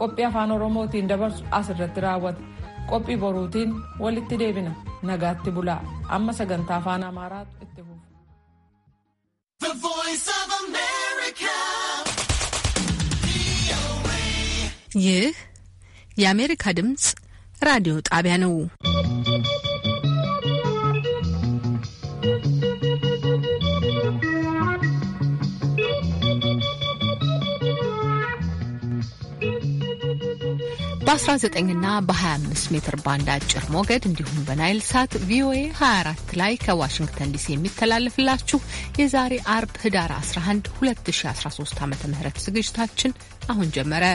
qophii afaan oromootiin dabarsu as irratti raawwata qophii boruutiin walitti deebina nagaatti bulaa amma sagantaa afaan amaaraatu itti fuufa. ይህ የአሜሪካ ድምፅ ራዲዮ ጣቢያ ነው። በ19 ና በ25 ሜትር ባንድ አጭር ሞገድ እንዲሁም በናይል ሳት ቪኦኤ 24 ላይ ከዋሽንግተን ዲሲ የሚተላለፍላችሁ የዛሬ አርብ ህዳር 11 2013 ዓ ም ዝግጅታችን አሁን ጀመረ።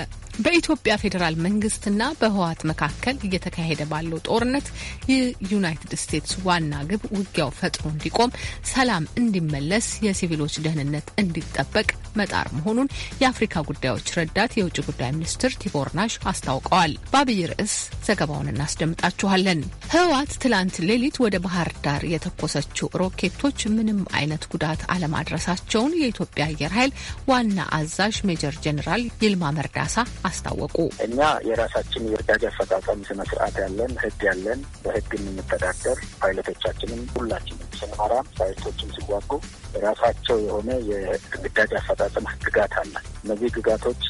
በኢትዮጵያ ፌዴራል መንግስትና በህወሀት መካከል እየተካሄደ ባለው ጦርነት የዩናይትድ ስቴትስ ዋና ግብ ውጊያው ፈጥኖ እንዲቆም፣ ሰላም እንዲመለስ፣ የሲቪሎች ደህንነት እንዲጠበቅ መጣር መሆኑን የአፍሪካ ጉዳዮች ረዳት የውጭ ጉዳይ ሚኒስትር ቲቦር ናሽ አስታውቀዋል። በአብይ ርዕስ ዘገባውን እናስደምጣችኋለን። ህወሀት ትላንት ሌሊት ወደ ባህር ዳር የተኮሰችው ሮኬቶች ምንም አይነት ጉዳት አለማድረሳቸውን የኢትዮጵያ አየር ኃይል ዋና አዛዥ ሜጀር ጀኔራል ይልማ መርዳሳ አስታወቁ። እኛ የራሳችን የእርዳጅ አፈጻጸም ስነ ስርዓት ያለን ህግ ያለን በህግ የምንተዳደር ፓይለቶቻችንም ሁላችንም ስንመራ ሳይቶችም ሲዋጉ የራሳቸው የሆነ የግዳጅ አፈጻጸም ህግጋት አለ። እነዚህ ግጋቶች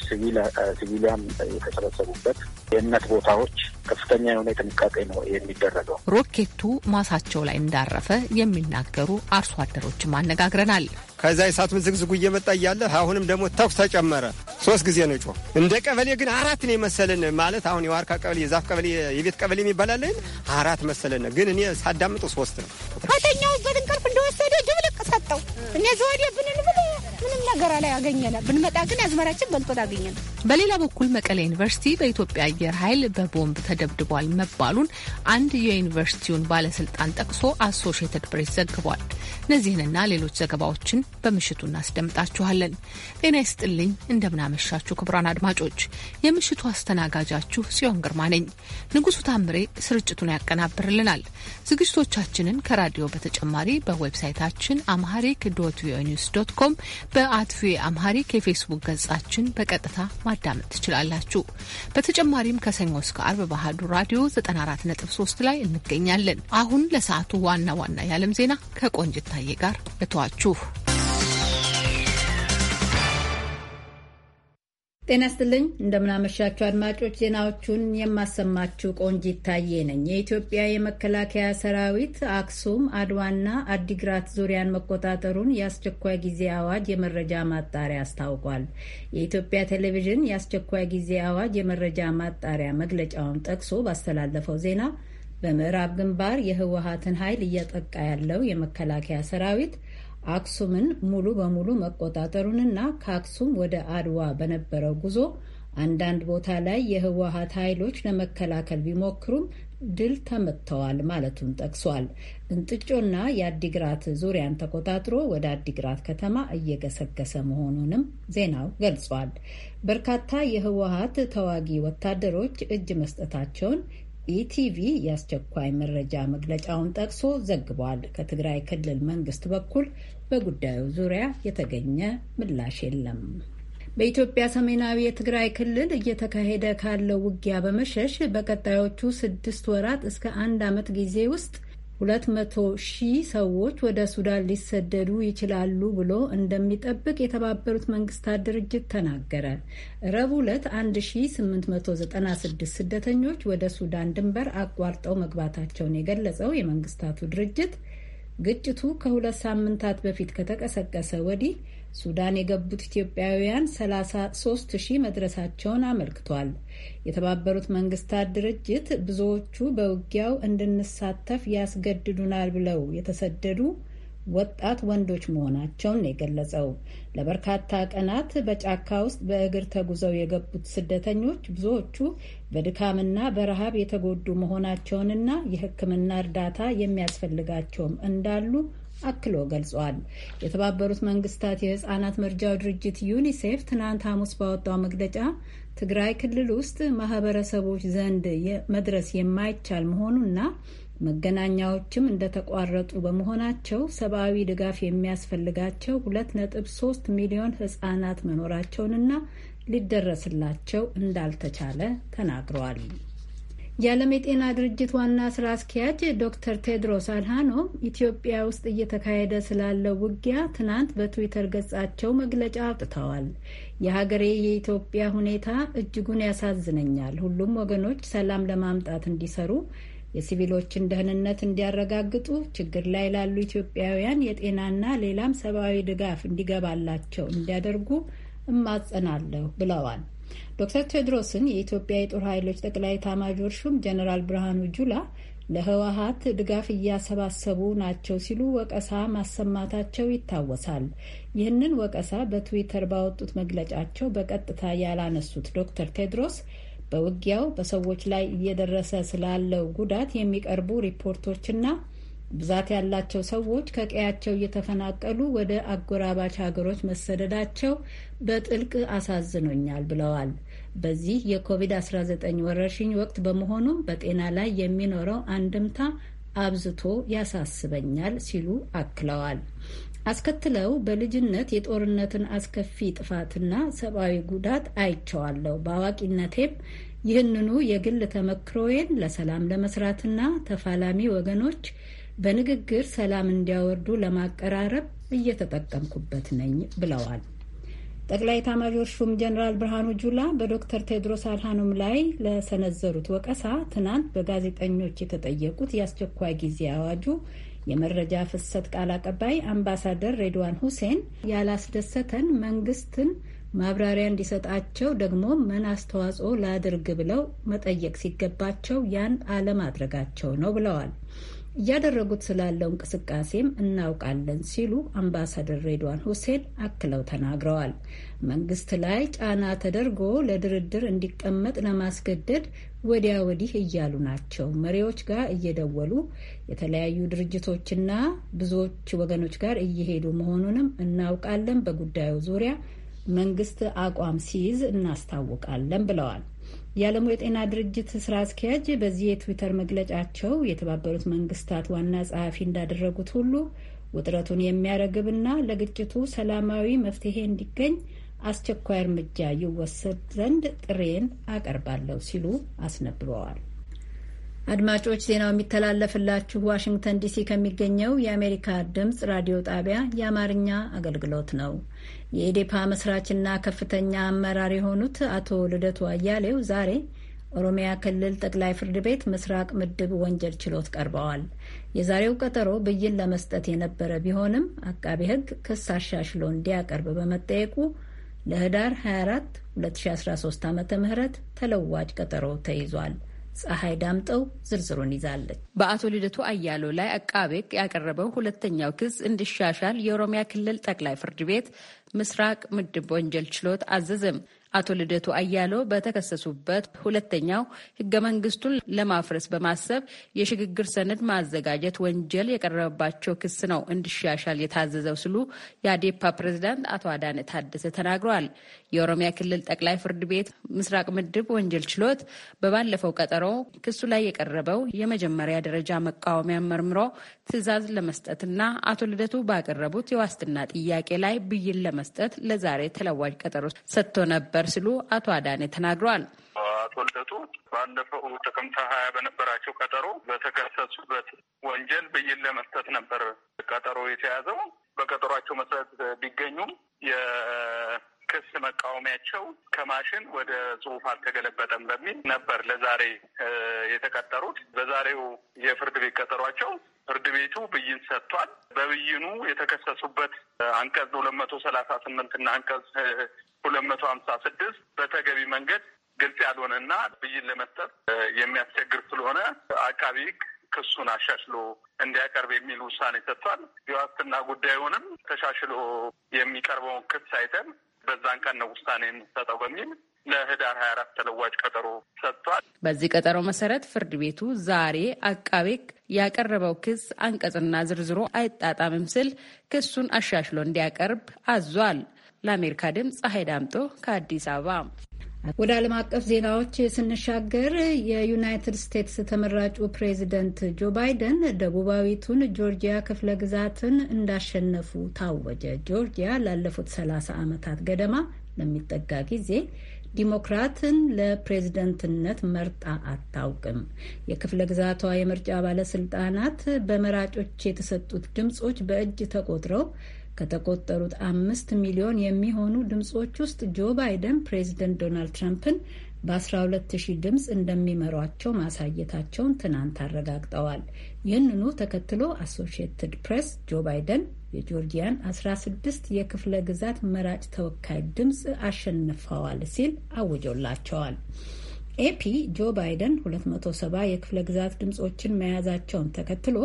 ሲቪሊያን የተሰበሰቡበት የእምነት ቦታዎች ከፍተኛ የሆነ ጥንቃቄ ነው የሚደረገው። ሮኬቱ ማሳቸው ላይ እንዳረፈ የሚናገሩ አርሶ አደሮችም አነጋግረናል። ከዛ የእሳት ምዝግዝጉ እየመጣ እያለ አሁንም ደግሞ ተኩስ ተጨመረ። ሶስት ጊዜ ነው ጮህ። እንደ ቀበሌ ግን አራት ነው የመሰለን ማለት አሁን የዋርካ ቀበሌ፣ የዛፍ ቀበሌ፣ የቤት ቀበሌ የሚባላለን አራት መሰለን፣ ግን እኔ ሳዳምጡ ሶስት ነው። ከተኛሁበት እንቅልፍ እንደወሰደ ድብልቅ ሰጠው። እኔ ዘወዴ ብንን ብሎ ምንም ነገር ላይ ያገኘነ ብንመጣ ግን አዝመራችን በልጦ አገኘነ። በሌላ በኩል መቀሌ ዩኒቨርሲቲ በኢትዮጵያ አየር ኃይል በቦምብ ተደብድቧል መባሉን አንድ የዩኒቨርሲቲውን ባለስልጣን ጠቅሶ አሶሽየትድ ፕሬስ ዘግቧል። እነዚህንና ሌሎች ዘገባዎችን በምሽቱ እናስደምጣችኋለን። ጤና ይስጥልኝ፣ እንደምናመሻችሁ ክቡራን አድማጮች፣ የምሽቱ አስተናጋጃችሁ ጽዮን ግርማ ነኝ። ንጉሱ ታምሬ ስርጭቱን ያቀናብርልናል። ዝግጅቶቻችንን ከራዲዮ በተጨማሪ በዌብሳይታችን አምሃሪክ ዶት ቪኦኤ ኒውስ ዶት ኮም በአት ቪኦኤ አምሃሪክ የፌስቡክ ገጻችን በቀጥታ ማዳመጥ ትችላላችሁ። በተጨማሪም ከሰኞ እስከ አርብ ባህዱ ራዲዮ 94.3 ላይ እንገኛለን። አሁን ለሰዓቱ ዋና ዋና የዓለም ዜና ከቆንጅታዬ ጋር እተዋችሁ። ጤና ስትልኝ እንደምናመሻችሁ አድማጮች፣ ዜናዎቹን የማሰማችሁ ቆንጂ ይታየ ነኝ። የኢትዮጵያ የመከላከያ ሰራዊት አክሱም፣ አድዋና አዲግራት ዙሪያን መቆጣጠሩን የአስቸኳይ ጊዜ አዋጅ የመረጃ ማጣሪያ አስታውቋል። የኢትዮጵያ ቴሌቪዥን የአስቸኳይ ጊዜ አዋጅ የመረጃ ማጣሪያ መግለጫውን ጠቅሶ ባስተላለፈው ዜና በምዕራብ ግንባር የህወሀትን ኃይል እያጠቃ ያለው የመከላከያ ሰራዊት አክሱምን ሙሉ በሙሉ መቆጣጠሩንና ከአክሱም ወደ አድዋ በነበረው ጉዞ አንዳንድ ቦታ ላይ የህወሀት ኃይሎች ለመከላከል ቢሞክሩም ድል ተመትተዋል ማለቱን ጠቅሷል። እንጥጮና የአዲግራት ዙሪያን ተቆጣጥሮ ወደ አዲግራት ከተማ እየገሰገሰ መሆኑንም ዜናው ገልጿል። በርካታ የህወሀት ተዋጊ ወታደሮች እጅ መስጠታቸውን ኢቲቪ የአስቸኳይ መረጃ መግለጫውን ጠቅሶ ዘግቧል። ከትግራይ ክልል መንግስት በኩል በጉዳዩ ዙሪያ የተገኘ ምላሽ የለም። በኢትዮጵያ ሰሜናዊ የትግራይ ክልል እየተካሄደ ካለው ውጊያ በመሸሽ በቀጣዮቹ ስድስት ወራት እስከ አንድ ዓመት ጊዜ ውስጥ ሁለት መቶ ሺህ ሰዎች ወደ ሱዳን ሊሰደዱ ይችላሉ ብሎ እንደሚጠብቅ የተባበሩት መንግስታት ድርጅት ተናገረ። ረቡዕ ዕለት 1896 ስደተኞች ወደ ሱዳን ድንበር አቋርጠው መግባታቸውን የገለጸው የመንግስታቱ ድርጅት ግጭቱ ከሁለት ሳምንታት በፊት ከተቀሰቀሰ ወዲህ ሱዳን የገቡት ኢትዮጵያውያን 33 ሺህ መድረሳቸውን አመልክቷል። የተባበሩት መንግስታት ድርጅት ብዙዎቹ በውጊያው እንድንሳተፍ ያስገድዱናል ብለው የተሰደዱ ወጣት ወንዶች መሆናቸውን ነው የገለጸው። ለበርካታ ቀናት በጫካ ውስጥ በእግር ተጉዘው የገቡት ስደተኞች ብዙዎቹ በድካምና በረሃብ የተጎዱ መሆናቸውንና የሕክምና እርዳታ የሚያስፈልጋቸውም እንዳሉ አክሎ ገልጿል። የተባበሩት መንግስታት የህፃናት መርጃው ድርጅት ዩኒሴፍ ትናንት ሐሙስ ባወጣው መግለጫ ትግራይ ክልል ውስጥ ማህበረሰቦች ዘንድ መድረስ የማይቻል መሆኑና መገናኛዎችም እንደተቋረጡ በመሆናቸው ሰብአዊ ድጋፍ የሚያስፈልጋቸው ሁለት ነጥብ ሶስት ሚሊዮን ህጻናት መኖራቸውንና ሊደረስላቸው እንዳልተቻለ ተናግረዋል። የዓለም የጤና ድርጅት ዋና ስራ አስኪያጅ ዶክተር ቴድሮስ አድሃኖም ኢትዮጵያ ውስጥ እየተካሄደ ስላለው ውጊያ ትናንት በትዊተር ገጻቸው መግለጫ አውጥተዋል። የሀገሬ የኢትዮጵያ ሁኔታ እጅጉን ያሳዝነኛል። ሁሉም ወገኖች ሰላም ለማምጣት እንዲሰሩ የሲቪሎችን ደህንነት እንዲያረጋግጡ፣ ችግር ላይ ላሉ ኢትዮጵያውያን የጤናና ሌላም ሰብአዊ ድጋፍ እንዲገባላቸው እንዲያደርጉ እማጸናለሁ ብለዋል። ዶክተር ቴድሮስን የኢትዮጵያ የጦር ኃይሎች ጠቅላይ ኤታማዦር ሹም ጀነራል ብርሃኑ ጁላ ለህወሀት ድጋፍ እያሰባሰቡ ናቸው ሲሉ ወቀሳ ማሰማታቸው ይታወሳል። ይህንን ወቀሳ በትዊተር ባወጡት መግለጫቸው በቀጥታ ያላነሱት ዶክተር ቴድሮስ በውጊያው በሰዎች ላይ እየደረሰ ስላለው ጉዳት የሚቀርቡ ሪፖርቶችና ብዛት ያላቸው ሰዎች ከቀያቸው እየተፈናቀሉ ወደ አጎራባች ሀገሮች መሰደዳቸው በጥልቅ አሳዝኖኛል ብለዋል። በዚህ የኮቪድ-19 ወረርሽኝ ወቅት በመሆኑም በጤና ላይ የሚኖረው አንድምታ አብዝቶ ያሳስበኛል ሲሉ አክለዋል። አስከትለው በልጅነት የጦርነትን አስከፊ ጥፋትና ሰብአዊ ጉዳት አይቸዋለሁ። በአዋቂነቴም ይህንኑ የግል ተመክሮዬን ለሰላም ለመስራትና ተፋላሚ ወገኖች በንግግር ሰላም እንዲያወርዱ ለማቀራረብ እየተጠቀምኩበት ነኝ ብለዋል። ጠቅላይ ኤታማዦር ሹም ጀኔራል ብርሃኑ ጁላ በዶክተር ቴድሮስ አድሃኖም ላይ ለሰነዘሩት ወቀሳ ትናንት በጋዜጠኞች የተጠየቁት የአስቸኳይ ጊዜ አዋጁ የመረጃ ፍሰት ቃል አቀባይ አምባሳደር ሬድዋን ሁሴን ያላስደሰተን መንግስትን ማብራሪያ እንዲሰጣቸው ደግሞ ምን አስተዋጽኦ ላድርግ ብለው መጠየቅ ሲገባቸው ያን አለማድረጋቸው ነው ብለዋል። እያደረጉት ስላለው እንቅስቃሴም እናውቃለን ሲሉ አምባሳደር ሬድዋን ሁሴን አክለው ተናግረዋል። መንግስት ላይ ጫና ተደርጎ ለድርድር እንዲቀመጥ ለማስገደድ ወዲያ ወዲህ እያሉ ናቸው። መሪዎች ጋር እየደወሉ የተለያዩ ድርጅቶችና ብዙዎች ወገኖች ጋር እየሄዱ መሆኑንም እናውቃለን። በጉዳዩ ዙሪያ መንግስት አቋም ሲይዝ እናስታውቃለን ብለዋል። የዓለሙ የጤና ድርጅት ስራ አስኪያጅ በዚህ የትዊተር መግለጫቸው የተባበሩት መንግስታት ዋና ጸሐፊ እንዳደረጉት ሁሉ ውጥረቱን የሚያረግብና ለግጭቱ ሰላማዊ መፍትሄ እንዲገኝ አስቸኳይ እርምጃ ይወሰድ ዘንድ ጥሬን አቀርባለሁ ሲሉ አስነብበዋል። አድማጮች ዜናው የሚተላለፍላችሁ ዋሽንግተን ዲሲ ከሚገኘው የአሜሪካ ድምፅ ራዲዮ ጣቢያ የአማርኛ አገልግሎት ነው። የኢዴፓ መስራችና ከፍተኛ አመራር የሆኑት አቶ ልደቱ አያሌው ዛሬ ኦሮሚያ ክልል ጠቅላይ ፍርድ ቤት ምስራቅ ምድብ ወንጀል ችሎት ቀርበዋል። የዛሬው ቀጠሮ ብይን ለመስጠት የነበረ ቢሆንም አቃቤ ሕግ ክስ አሻሽሎ እንዲያቀርብ በመጠየቁ ለህዳር 24 2013 ዓ ም ተለዋጭ ቀጠሮ ተይዟል። ፀሐይ ዳምጠው ዝርዝሩን ይዛለች። በአቶ ልደቱ አያሌው ላይ አቃቤ ሕግ ያቀረበው ሁለተኛው ክስ እንዲሻሻል የኦሮሚያ ክልል ጠቅላይ ፍርድ ቤት ምስራቅ ምድብ ወንጀል ችሎት አዘዘም። አቶ ልደቱ አያሌው በተከሰሱበት ሁለተኛው ህገ መንግስቱን ለማፍረስ በማሰብ የሽግግር ሰነድ ማዘጋጀት ወንጀል የቀረበባቸው ክስ ነው እንዲሻሻል የታዘዘው ሲሉ የአዴፓ ፕሬዝዳንት አቶ አዳነ ታደሰ ተናግረዋል። የኦሮሚያ ክልል ጠቅላይ ፍርድ ቤት ምስራቅ ምድብ ወንጀል ችሎት በባለፈው ቀጠሮ ክሱ ላይ የቀረበው የመጀመሪያ ደረጃ መቃወሚያ መርምሮ ትዕዛዝ ለመስጠትና አቶ ልደቱ ባቀረቡት የዋስትና ጥያቄ ላይ ብይን ለመስጠት ለዛሬ ተለዋጅ ቀጠሮ ሰጥቶ ነበር። ነበር ሲሉ አቶ አዳኔ ተናግረዋል። አቶ ልደቱ ባለፈው ጥቅምት ሀያ በነበራቸው ቀጠሮ በተከሰሱበት ወንጀል ብይን ለመስጠት ነበር ቀጠሮ የተያዘው። በቀጠሯቸው መሰረት ቢገኙም ክስ መቃወሚያቸው ከማሽን ወደ ጽሁፍ አልተገለበጠም በሚል ነበር ለዛሬ የተቀጠሩት። በዛሬው የፍርድ ቤት ቀጠሯቸው ፍርድ ቤቱ ብይን ሰጥቷል። በብይኑ የተከሰሱበት አንቀጽ ሁለት መቶ ሰላሳ ስምንት እና አንቀጽ ሁለት መቶ ሀምሳ ስድስት በተገቢ መንገድ ግልጽ ያልሆነና ብይን ለመስጠት የሚያስቸግር ስለሆነ አቃቢ ሕግ ክሱን አሻሽሎ እንዲያቀርብ የሚል ውሳኔ ሰጥቷል። የዋስትና ጉዳዩንም ተሻሽሎ የሚቀርበውን ክስ አይተን በዛን ቀን ነው ውሳኔ የምሰጠው በሚል ለህዳር ሀያ አራት ተለዋጭ ቀጠሮ ሰጥቷል። በዚህ ቀጠሮ መሰረት ፍርድ ቤቱ ዛሬ አቃቤ ያቀረበው ክስ አንቀጽና ዝርዝሮ አይጣጣምም ስል ክሱን አሻሽሎ እንዲያቀርብ አዟል። ለአሜሪካ ድምፅ ፀሐይ ዳምጦ ከአዲስ አበባ ወደ ዓለም አቀፍ ዜናዎች ስንሻገር የዩናይትድ ስቴትስ ተመራጩ ፕሬዚደንት ጆ ባይደን ደቡባዊቱን ጆርጂያ ክፍለ ግዛትን እንዳሸነፉ ታወጀ። ጆርጂያ ላለፉት 30 ዓመታት ገደማ ለሚጠጋ ጊዜ ዲሞክራትን ለፕሬዝደንትነት መርጣ አታውቅም። የክፍለ ግዛቷ የምርጫ ባለስልጣናት በመራጮች የተሰጡት ድምጾች በእጅ ተቆጥረው ከተቆጠሩት አምስት ሚሊዮን የሚሆኑ ድምፆች ውስጥ ጆ ባይደን ፕሬዚደንት ዶናልድ ትራምፕን በ12,000 ድምፅ እንደሚመሯቸው ማሳየታቸውን ትናንት አረጋግጠዋል። ይህንኑ ተከትሎ አሶሺየትድ ፕሬስ ጆ ባይደን የጆርጂያን 16 የክፍለ ግዛት መራጭ ተወካይ ድምፅ አሸንፈዋል ሲል አውጆላቸዋል። ኤፒ ጆ ባይደን 270 የክፍለ ግዛት ድምፆችን መያዛቸውን ተከትሎ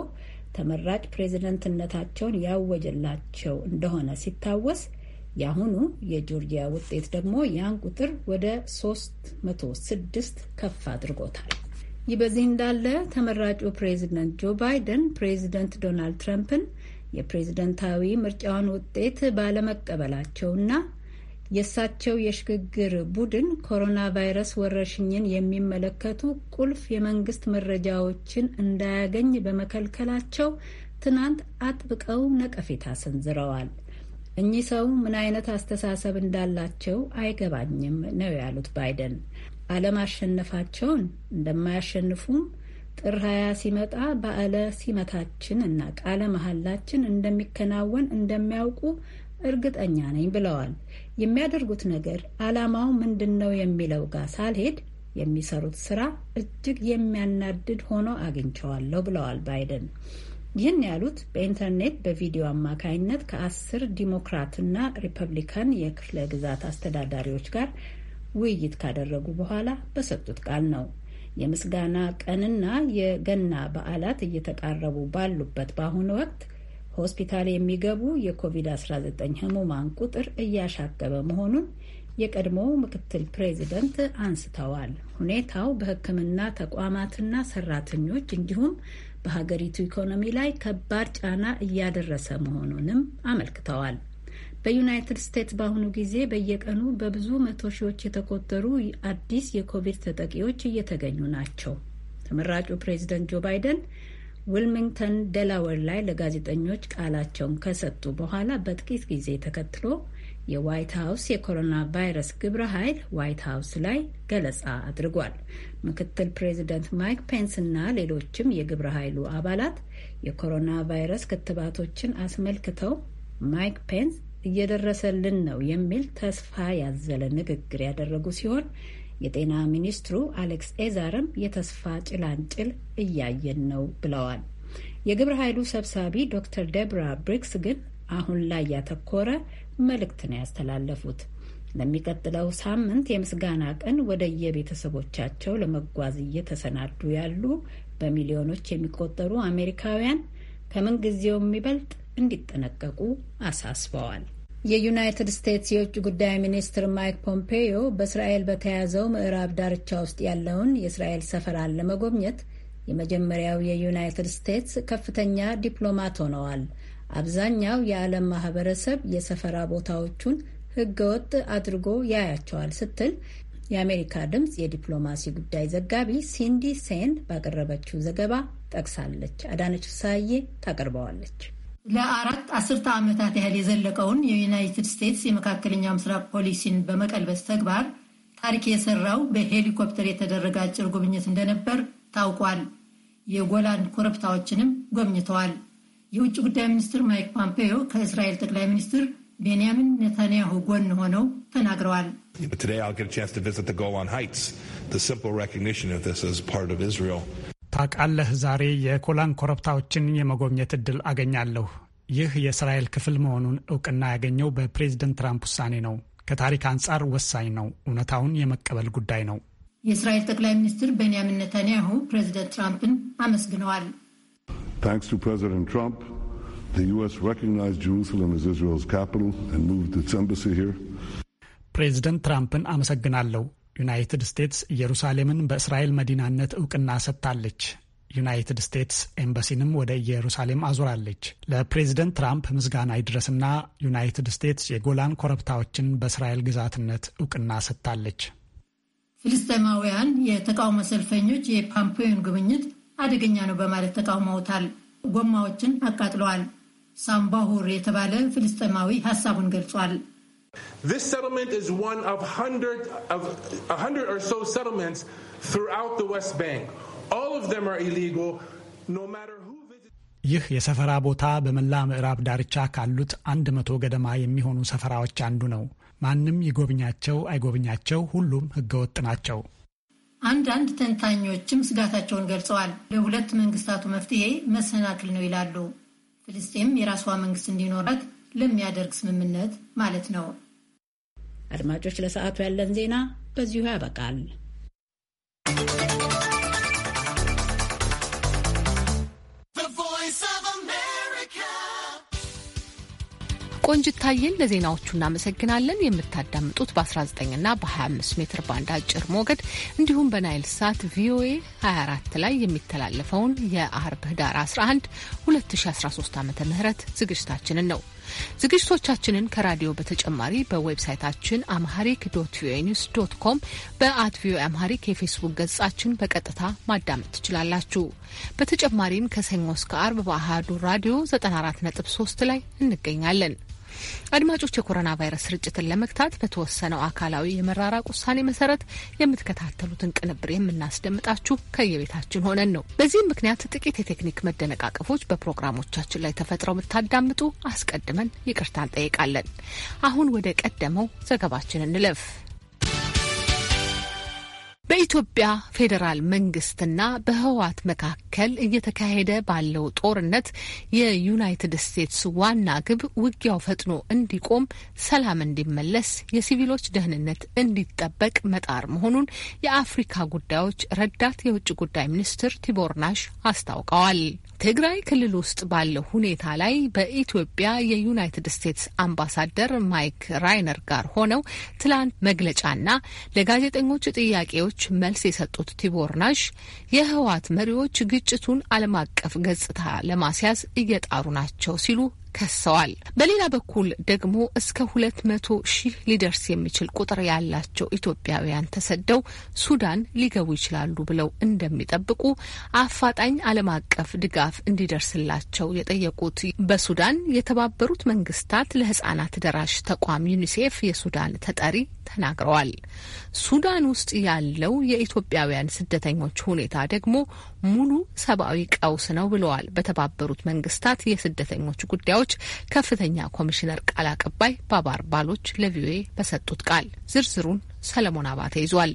ተመራጭ ፕሬዝደንትነታቸውን ያወጀላቸው እንደሆነ ሲታወስ የአሁኑ የጆርጂያ ውጤት ደግሞ ያን ቁጥር ወደ 306 ከፍ አድርጎታል። ይህ በዚህ እንዳለ ተመራጩ ፕሬዝደንት ጆ ባይደን ፕሬዝደንት ዶናልድ ትራምፕን የፕሬዝደንታዊ ምርጫውን ውጤት ባለመቀበላቸውና የእሳቸው የሽግግር ቡድን ኮሮና ቫይረስ ወረርሽኝን የሚመለከቱ ቁልፍ የመንግስት መረጃዎችን እንዳያገኝ በመከልከላቸው ትናንት አጥብቀው ነቀፌታ ሰንዝረዋል። እኚህ ሰው ምን አይነት አስተሳሰብ እንዳላቸው አይገባኝም ነው ያሉት ባይደን። አለማሸነፋቸውን እንደማያሸንፉም ጥር ሀያ ሲመጣ በዓለ ሲመታችን እና ቃለ መሐላችን እንደሚከናወን እንደሚያውቁ እርግጠኛ ነኝ ብለዋል። የሚያደርጉት ነገር ዓላማው ምንድን ነው የሚለው ጋር ሳልሄድ የሚሰሩት ስራ እጅግ የሚያናድድ ሆኖ አግኝቸዋለሁ ብለዋል ባይደን። ይህን ያሉት በኢንተርኔት በቪዲዮ አማካይነት ከአስር ዲሞክራትና ሪፐብሊካን የክፍለ ግዛት አስተዳዳሪዎች ጋር ውይይት ካደረጉ በኋላ በሰጡት ቃል ነው። የምስጋና ቀንና የገና በዓላት እየተቃረቡ ባሉበት በአሁኑ ወቅት ሆስፒታል የሚገቡ የኮቪድ-19 ህሙማን ቁጥር እያሻገበ መሆኑን የቀድሞ ምክትል ፕሬዚደንት አንስተዋል። ሁኔታው በሕክምና ተቋማትና ሰራተኞች እንዲሁም በሀገሪቱ ኢኮኖሚ ላይ ከባድ ጫና እያደረሰ መሆኑንም አመልክተዋል። በዩናይትድ ስቴትስ በአሁኑ ጊዜ በየቀኑ በብዙ መቶ ሺዎች የተቆጠሩ አዲስ የኮቪድ ተጠቂዎች እየተገኙ ናቸው። ተመራጩ ፕሬዚደንት ጆ ባይደን ዊልሚንግተን ደላወር ላይ ለጋዜጠኞች ቃላቸውን ከሰጡ በኋላ በጥቂት ጊዜ ተከትሎ የዋይት ሀውስ የኮሮና ቫይረስ ግብረ ኃይል ዋይት ሀውስ ላይ ገለጻ አድርጓል። ምክትል ፕሬዚደንት ማይክ ፔንስ እና ሌሎችም የግብረ ኃይሉ አባላት የኮሮና ቫይረስ ክትባቶችን አስመልክተው ማይክ ፔንስ እየደረሰልን ነው የሚል ተስፋ ያዘለ ንግግር ያደረጉ ሲሆን የጤና ሚኒስትሩ አሌክስ ኤዛርም የተስፋ ጭላንጭል እያየን ነው ብለዋል። የግብረ ኃይሉ ሰብሳቢ ዶክተር ደብራ ብሪክስ ግን አሁን ላይ ያተኮረ መልእክት ነው ያስተላለፉት። ለሚቀጥለው ሳምንት የምስጋና ቀን ወደ የቤተሰቦቻቸው ለመጓዝ እየተሰናዱ ያሉ በሚሊዮኖች የሚቆጠሩ አሜሪካውያን ከምንጊዜው የሚበልጥ እንዲጠነቀቁ አሳስበዋል። የዩናይትድ ስቴትስ የውጭ ጉዳይ ሚኒስትር ማይክ ፖምፔዮ በእስራኤል በተያዘው ምዕራብ ዳርቻ ውስጥ ያለውን የእስራኤል ሰፈራን ለመጎብኘት የመጀመሪያው የዩናይትድ ስቴትስ ከፍተኛ ዲፕሎማት ሆነዋል። አብዛኛው የዓለም ማህበረሰብ የሰፈራ ቦታዎቹን ህገወጥ አድርጎ ያያቸዋል ስትል የአሜሪካ ድምፅ የዲፕሎማሲ ጉዳይ ዘጋቢ ሲንዲ ሴን ባቀረበችው ዘገባ ጠቅሳለች። አዳነች ሳዬ ታቀርበዋለች። ለአራት አስርተ ዓመታት ያህል የዘለቀውን የዩናይትድ ስቴትስ የመካከለኛው ምስራቅ ፖሊሲን በመቀልበስ ተግባር ታሪክ የሰራው በሄሊኮፕተር የተደረገ አጭር ጉብኝት እንደነበር ታውቋል። የጎላን ኮረብታዎችንም ጎብኝተዋል። የውጭ ጉዳይ ሚኒስትር ማይክ ፖምፔዮ ከእስራኤል ጠቅላይ ሚኒስትር ቤንያሚን ኔታንያሁ ጎን ሆነው ተናግረዋል። ታውቃለህ፣ ዛሬ የኮላን ኮረብታዎችን የመጎብኘት እድል አገኛለሁ። ይህ የእስራኤል ክፍል መሆኑን እውቅና ያገኘው በፕሬዝደንት ትራምፕ ውሳኔ ነው። ከታሪክ አንጻር ወሳኝ ነው። እውነታውን የመቀበል ጉዳይ ነው። የእስራኤል ጠቅላይ ሚኒስትር ቤንያሚን ነታንያሁ ፕሬዚደንት ትራምፕን አመስግነዋል። ታንክስ ቱ ፕሬዚደንት ትራምፕ the U.S. recognized Jerusalem as Israel's capital and moved its embassy here. ፕሬዚደንት ትራምፕን አመሰግናለሁ። ዩናይትድ ስቴትስ ኢየሩሳሌምን በእስራኤል መዲናነት እውቅና ሰጥታለች። ዩናይትድ ስቴትስ ኤምባሲንም ወደ ኢየሩሳሌም አዙራለች። ለፕሬዝደንት ትራምፕ ምስጋና ይድረስና ዩናይትድ ስቴትስ የጎላን ኮረብታዎችን በእስራኤል ግዛትነት እውቅና ሰጥታለች። ፍልስጤማውያን የተቃውሞ ሰልፈኞች የፓምፕዮን ጉብኝት አደገኛ ነው በማለት ተቃውመውታል። ጎማዎችን አቃጥለዋል። ሳምባሁር የተባለ ፍልስጤማዊ ሀሳቡን ገልጿል። This settlement is one of hundred of a hundred or so settlements throughout the West Bank. All of them are illegal, no matter who ይህ የሰፈራ ቦታ በመላ ምዕራብ ዳርቻ ካሉት አንድ መቶ ገደማ የሚሆኑ ሰፈራዎች አንዱ ነው። ማንም ይጎብኛቸው አይጎብኛቸው ሁሉም ህገወጥ ናቸው። አንዳንድ ተንታኞችም ስጋታቸውን ገልጸዋል። ለሁለት መንግስታቱ መፍትሄ መሰናክል ነው ይላሉ። ፍልስጤም የራሷ መንግስት እንዲኖራት ለሚያደርግ ስምምነት ማለት ነው። አድማጮች፣ ለሰዓቱ ያለን ዜና በዚሁ ያበቃል። ቆንጅታየን ለዜናዎቹ እናመሰግናለን። የምታዳምጡት በ19 ና በ25 ሜትር ባንድ አጭር ሞገድ እንዲሁም በናይል ሳት ቪኦኤ 24 ላይ የሚተላለፈውን የአርብ ህዳር 11 2013 ዓ ም ዝግጅታችንን ነው። ዝግጅቶቻችንን ከራዲዮ በተጨማሪ በዌብሳይታችን አምሃሪክ ዶት ቪኦኤ ኒውስ ዶት ኮም፣ በአት ቪኦኤ አምሃሪክ የፌስቡክ ገጻችን በቀጥታ ማዳመጥ ትችላላችሁ። በተጨማሪም ከሰኞ እስከ አርብ በአህዱ ራዲዮ 94.3 ላይ እንገኛለን። አድማጮች የኮሮና ቫይረስ ስርጭትን ለመግታት በተወሰነው አካላዊ የመራራቅ ውሳኔ መሰረት የምትከታተሉትን ቅንብር የምናስደምጣችሁ ከየቤታችን ሆነን ነው። በዚህም ምክንያት ጥቂት የቴክኒክ መደነቃቀፎች በፕሮግራሞቻችን ላይ ተፈጥረው የምታዳምጡ አስቀድመን ይቅርታ እንጠይቃለን። አሁን ወደ ቀደመው ዘገባችን እንለፍ። በኢትዮጵያ ፌዴራል መንግስትና በህወሓት መካከል እየተካሄደ ባለው ጦርነት የዩናይትድ ስቴትስ ዋና ግብ ውጊያው ፈጥኖ እንዲቆም፣ ሰላም እንዲመለስ፣ የሲቪሎች ደህንነት እንዲጠበቅ መጣር መሆኑን የአፍሪካ ጉዳዮች ረዳት የውጭ ጉዳይ ሚኒስትር ቲቦር ናሽ አስታውቀዋል። ትግራይ ክልል ውስጥ ባለው ሁኔታ ላይ በኢትዮጵያ የዩናይትድ ስቴትስ አምባሳደር ማይክ ራይነር ጋር ሆነው ትላንት መግለጫና ለጋዜጠኞች ጥያቄዎች መልስ የሰጡት ቲቦር ናሽ የህወሓት መሪዎች ግጭቱን ዓለም አቀፍ ገጽታ ለማስያዝ እየጣሩ ናቸው ሲሉ ከሰዋል። በሌላ በኩል ደግሞ እስከ ሁለት መቶ ሺህ ሊደርስ የሚችል ቁጥር ያላቸው ኢትዮጵያውያን ተሰደው ሱዳን ሊገቡ ይችላሉ ብለው እንደሚጠብቁ አፋጣኝ ዓለም አቀፍ ድጋፍ እንዲደርስላቸው የጠየቁት በሱዳን የተባበሩት መንግስታት ለህጻናት ደራሽ ተቋም ዩኒሴፍ የሱዳን ተጠሪ ተናግረዋል። ሱዳን ውስጥ ያለው የኢትዮጵያውያን ስደተኞች ሁኔታ ደግሞ ሙሉ ሰብአዊ ቀውስ ነው ብለዋል በተባበሩት መንግስታት የስደተኞች ጉዳዮች ከፍተኛ ኮሚሽነር ቃል አቀባይ ባባር ባሎች ለቪኦኤ በሰጡት ቃል ዝርዝሩን ሰለሞን አባተ ይዟል።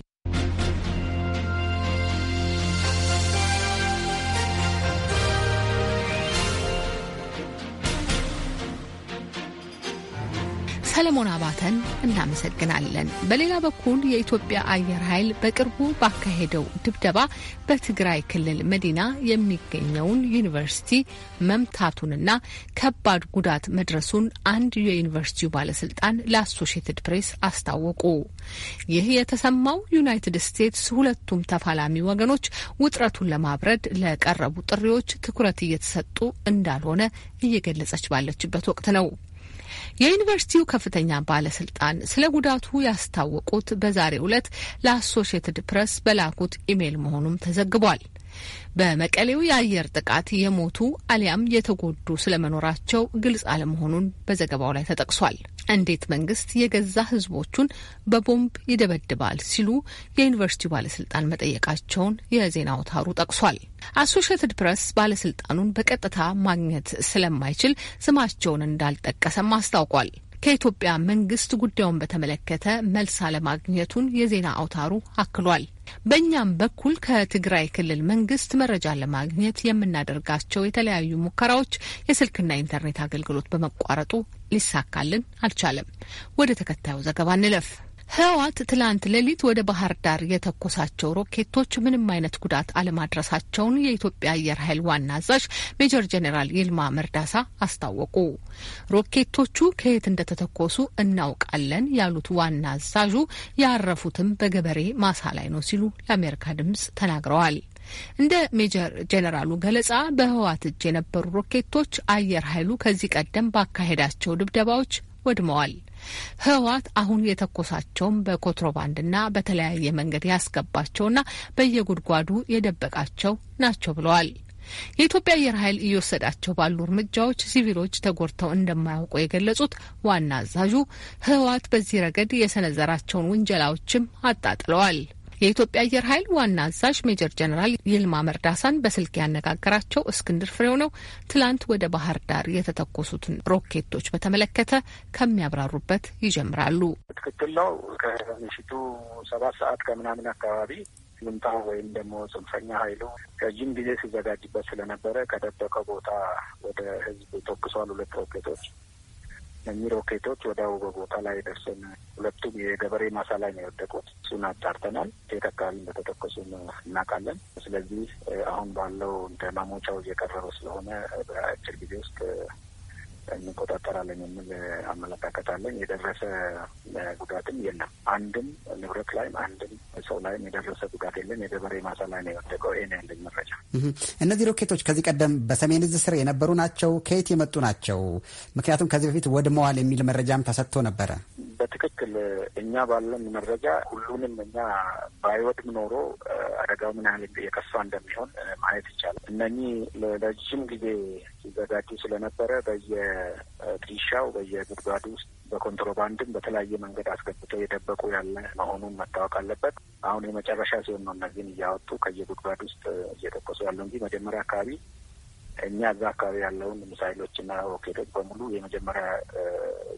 ሰለሞን አባተን እናመሰግናለን። በሌላ በኩል የኢትዮጵያ አየር ኃይል በቅርቡ ባካሄደው ድብደባ በትግራይ ክልል መዲና የሚገኘውን ዩኒቨርሲቲ መምታቱንና ከባድ ጉዳት መድረሱን አንድ የዩኒቨርሲቲው ባለስልጣን ለአሶሽየትድ ፕሬስ አስታወቁ። ይህ የተሰማው ዩናይትድ ስቴትስ ሁለቱም ተፋላሚ ወገኖች ውጥረቱን ለማብረድ ለቀረቡ ጥሪዎች ትኩረት እየተሰጡ እንዳልሆነ እየገለጸች ባለችበት ወቅት ነው። የዩኒቨርሲቲው ከፍተኛ ባለስልጣን ስለ ጉዳቱ ያስታወቁት በዛሬው ዕለት ለአሶሽየትድ ፕሬስ በላኩት ኢሜይል መሆኑም ተዘግቧል። በመቀሌው የአየር ጥቃት የሞቱ አሊያም የተጎዱ ስለመኖራቸው ግልጽ አለመሆኑን በዘገባው ላይ ተጠቅሷል። እንዴት መንግስት የገዛ ህዝቦቹን በቦምብ ይደበድባል ሲሉ የዩኒቨርሲቲው ባለስልጣን መጠየቃቸውን የዜና አውታሩ ጠቅሷል። አሶሽየትድ ፕሬስ ባለስልጣኑን በቀጥታ ማግኘት ስለማይችል ስማቸውን እንዳልጠቀሰም አስታውቋል። ከኢትዮጵያ መንግስት ጉዳዩን በተመለከተ መልስ አለማግኘቱን የዜና አውታሩ አክሏል። በእኛም በኩል ከትግራይ ክልል መንግስት መረጃ ለማግኘት የምናደርጋቸው የተለያዩ ሙከራዎች የስልክና ኢንተርኔት አገልግሎት በመቋረጡ ሊሳካልን አልቻለም። ወደ ተከታዩ ዘገባ እንለፍ። ህወሓት ትላንት ሌሊት ወደ ባህር ዳር የተኮሳቸው ሮኬቶች ምንም አይነት ጉዳት አለማድረሳቸውን የኢትዮጵያ አየር ኃይል ዋና አዛዥ ሜጀር ጄኔራል ይልማ መርዳሳ አስታወቁ። ሮኬቶቹ ከየት እንደተተኮሱ እናውቃለን ያሉት ዋና አዛዡ ያረፉትም በገበሬ ማሳ ላይ ነው ሲሉ ለአሜሪካ ድምጽ ተናግረዋል። እንደ ሜጀር ጄኔራሉ ገለጻ በህወሓት እጅ የነበሩ ሮኬቶች አየር ኃይሉ ከዚህ ቀደም ባካሄዳቸው ድብደባዎች ወድመዋል። ህወሓት አሁን የተኮሳቸውም በኮንትሮባንድና በተለያየ መንገድ ያስገባቸውና በየጉድጓዱ የደበቃቸው ናቸው ብለዋል። የኢትዮጵያ አየር ኃይል እየወሰዳቸው ባሉ እርምጃዎች ሲቪሎች ተጎድተው እንደማያውቁ የገለጹት ዋና አዛዡ ህወሓት በዚህ ረገድ የሰነዘራቸውን ውንጀላዎችም አጣጥለዋል። የኢትዮጵያ አየር ኃይል ዋና አዛዥ ሜጀር ጀነራል ይልማ መርዳሳን በስልክ ያነጋገራቸው እስክንድር ፍሬው ነው። ትላንት ወደ ባህር ዳር የተተኮሱትን ሮኬቶች በተመለከተ ከሚያብራሩበት ይጀምራሉ። ትክክል ነው። ከምሽቱ ሰባት ሰዓት ከምናምን አካባቢ ልምጣ ወይም ደግሞ ጽንፈኛ ኃይሉ ረዥም ጊዜ ሲዘጋጅበት ስለነበረ ከደበቀ ቦታ ወደ ህዝብ ተኩሷል። ሁለት ሮኬቶች እኚህ ሮኬቶች ወደ አውበ ቦታ ላይ ደርሰን ሁለቱም የገበሬ ማሳ ላይ ነው የወደቁት። እሱን አጣርተናል። ቴት አካባቢ እንደተተኮሱ እናውቃለን። ስለዚህ አሁን ባለው እንደ ማሞቻው እየቀረበ ስለሆነ በአጭር ጊዜ ውስጥ እንቆጣጠራለን የሚል አመለካከት አለን። የደረሰ ጉዳትም የለም። አንድም ንብረት ላይም አንድም ሰው ላይም የደረሰ ጉዳት የለም። የገበሬ ማሳ ላይ ነው የወደቀው። ይሄ ነው ያለኝ መረጃ። እነዚህ ሮኬቶች ከዚህ ቀደም በሰሜን እዝ ስር የነበሩ ናቸው። ከየት የመጡ ናቸው? ምክንያቱም ከዚህ በፊት ወድመዋል የሚል መረጃም ተሰጥቶ ነበረ። በትክክል እኛ ባለን መረጃ ሁሉንም እኛ ባይወድም ኖሮ አደጋው ምን ያህል የከፋ እንደሚሆን ማየት ይቻላል። እነኚህ ለረጅም ጊዜ ሲዘጋጁ ስለነበረ በየጥሻው በየጉድጓዱ ውስጥ በኮንትሮባንድም በተለያየ መንገድ አስገብተው የደበቁ ያለ መሆኑን መታወቅ አለበት። አሁን የመጨረሻ ሲሆን ነው እነዚህን እያወጡ ከየጉድጓድ ውስጥ እየተኮሱ ያለው እንጂ መጀመሪያ አካባቢ እኛ እዛ አካባቢ ያለውን ሚሳይሎችና ሮኬቶች በሙሉ የመጀመሪያ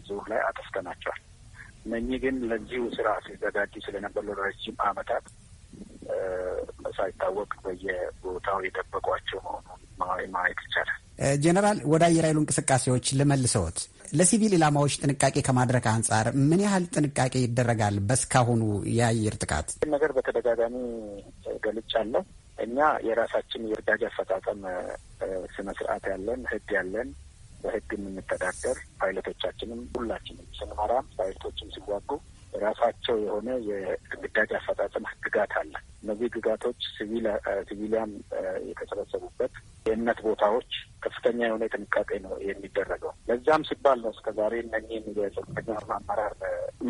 ዙር ላይ አጠፍተናቸዋል። እነኚህ ግን ለዚሁ ስራ ሲዘጋጁ ስለነበሩ ለረጅም አመታት ሳይታወቅ በየቦታው የጠበቋቸው መሆኑን ማየት ይቻላል። ጀነራል ወደ አየር ኃይሉ እንቅስቃሴዎች ልመልሰዎት። ለሲቪል ኢላማዎች ጥንቃቄ ከማድረግ አንጻር ምን ያህል ጥንቃቄ ይደረጋል? በስካሁኑ የአየር ጥቃት ነገር በተደጋጋሚ ገልጫለሁ። እኛ የራሳችን የእርዳጅ አፈጻጸም ስነ ስርዓት ያለን ህግ ያለን በህግ የምንተዳደር ፓይለቶቻችንም ሁላችንም ስንመራ ፓይለቶችም ሲዋጉ ራሳቸው የሆነ የግዳጅ አፈጻጸም ህግጋት አለ። እነዚህ ግጋቶች ሲቪሊያን የተሰበሰቡበት የእምነት ቦታዎች ከፍተኛ የሆነ ጥንቃቄ ነው የሚደረገው። ለዛም ሲባል ነው እስከዛሬ እነኚህን የጽንፈኛ አመራር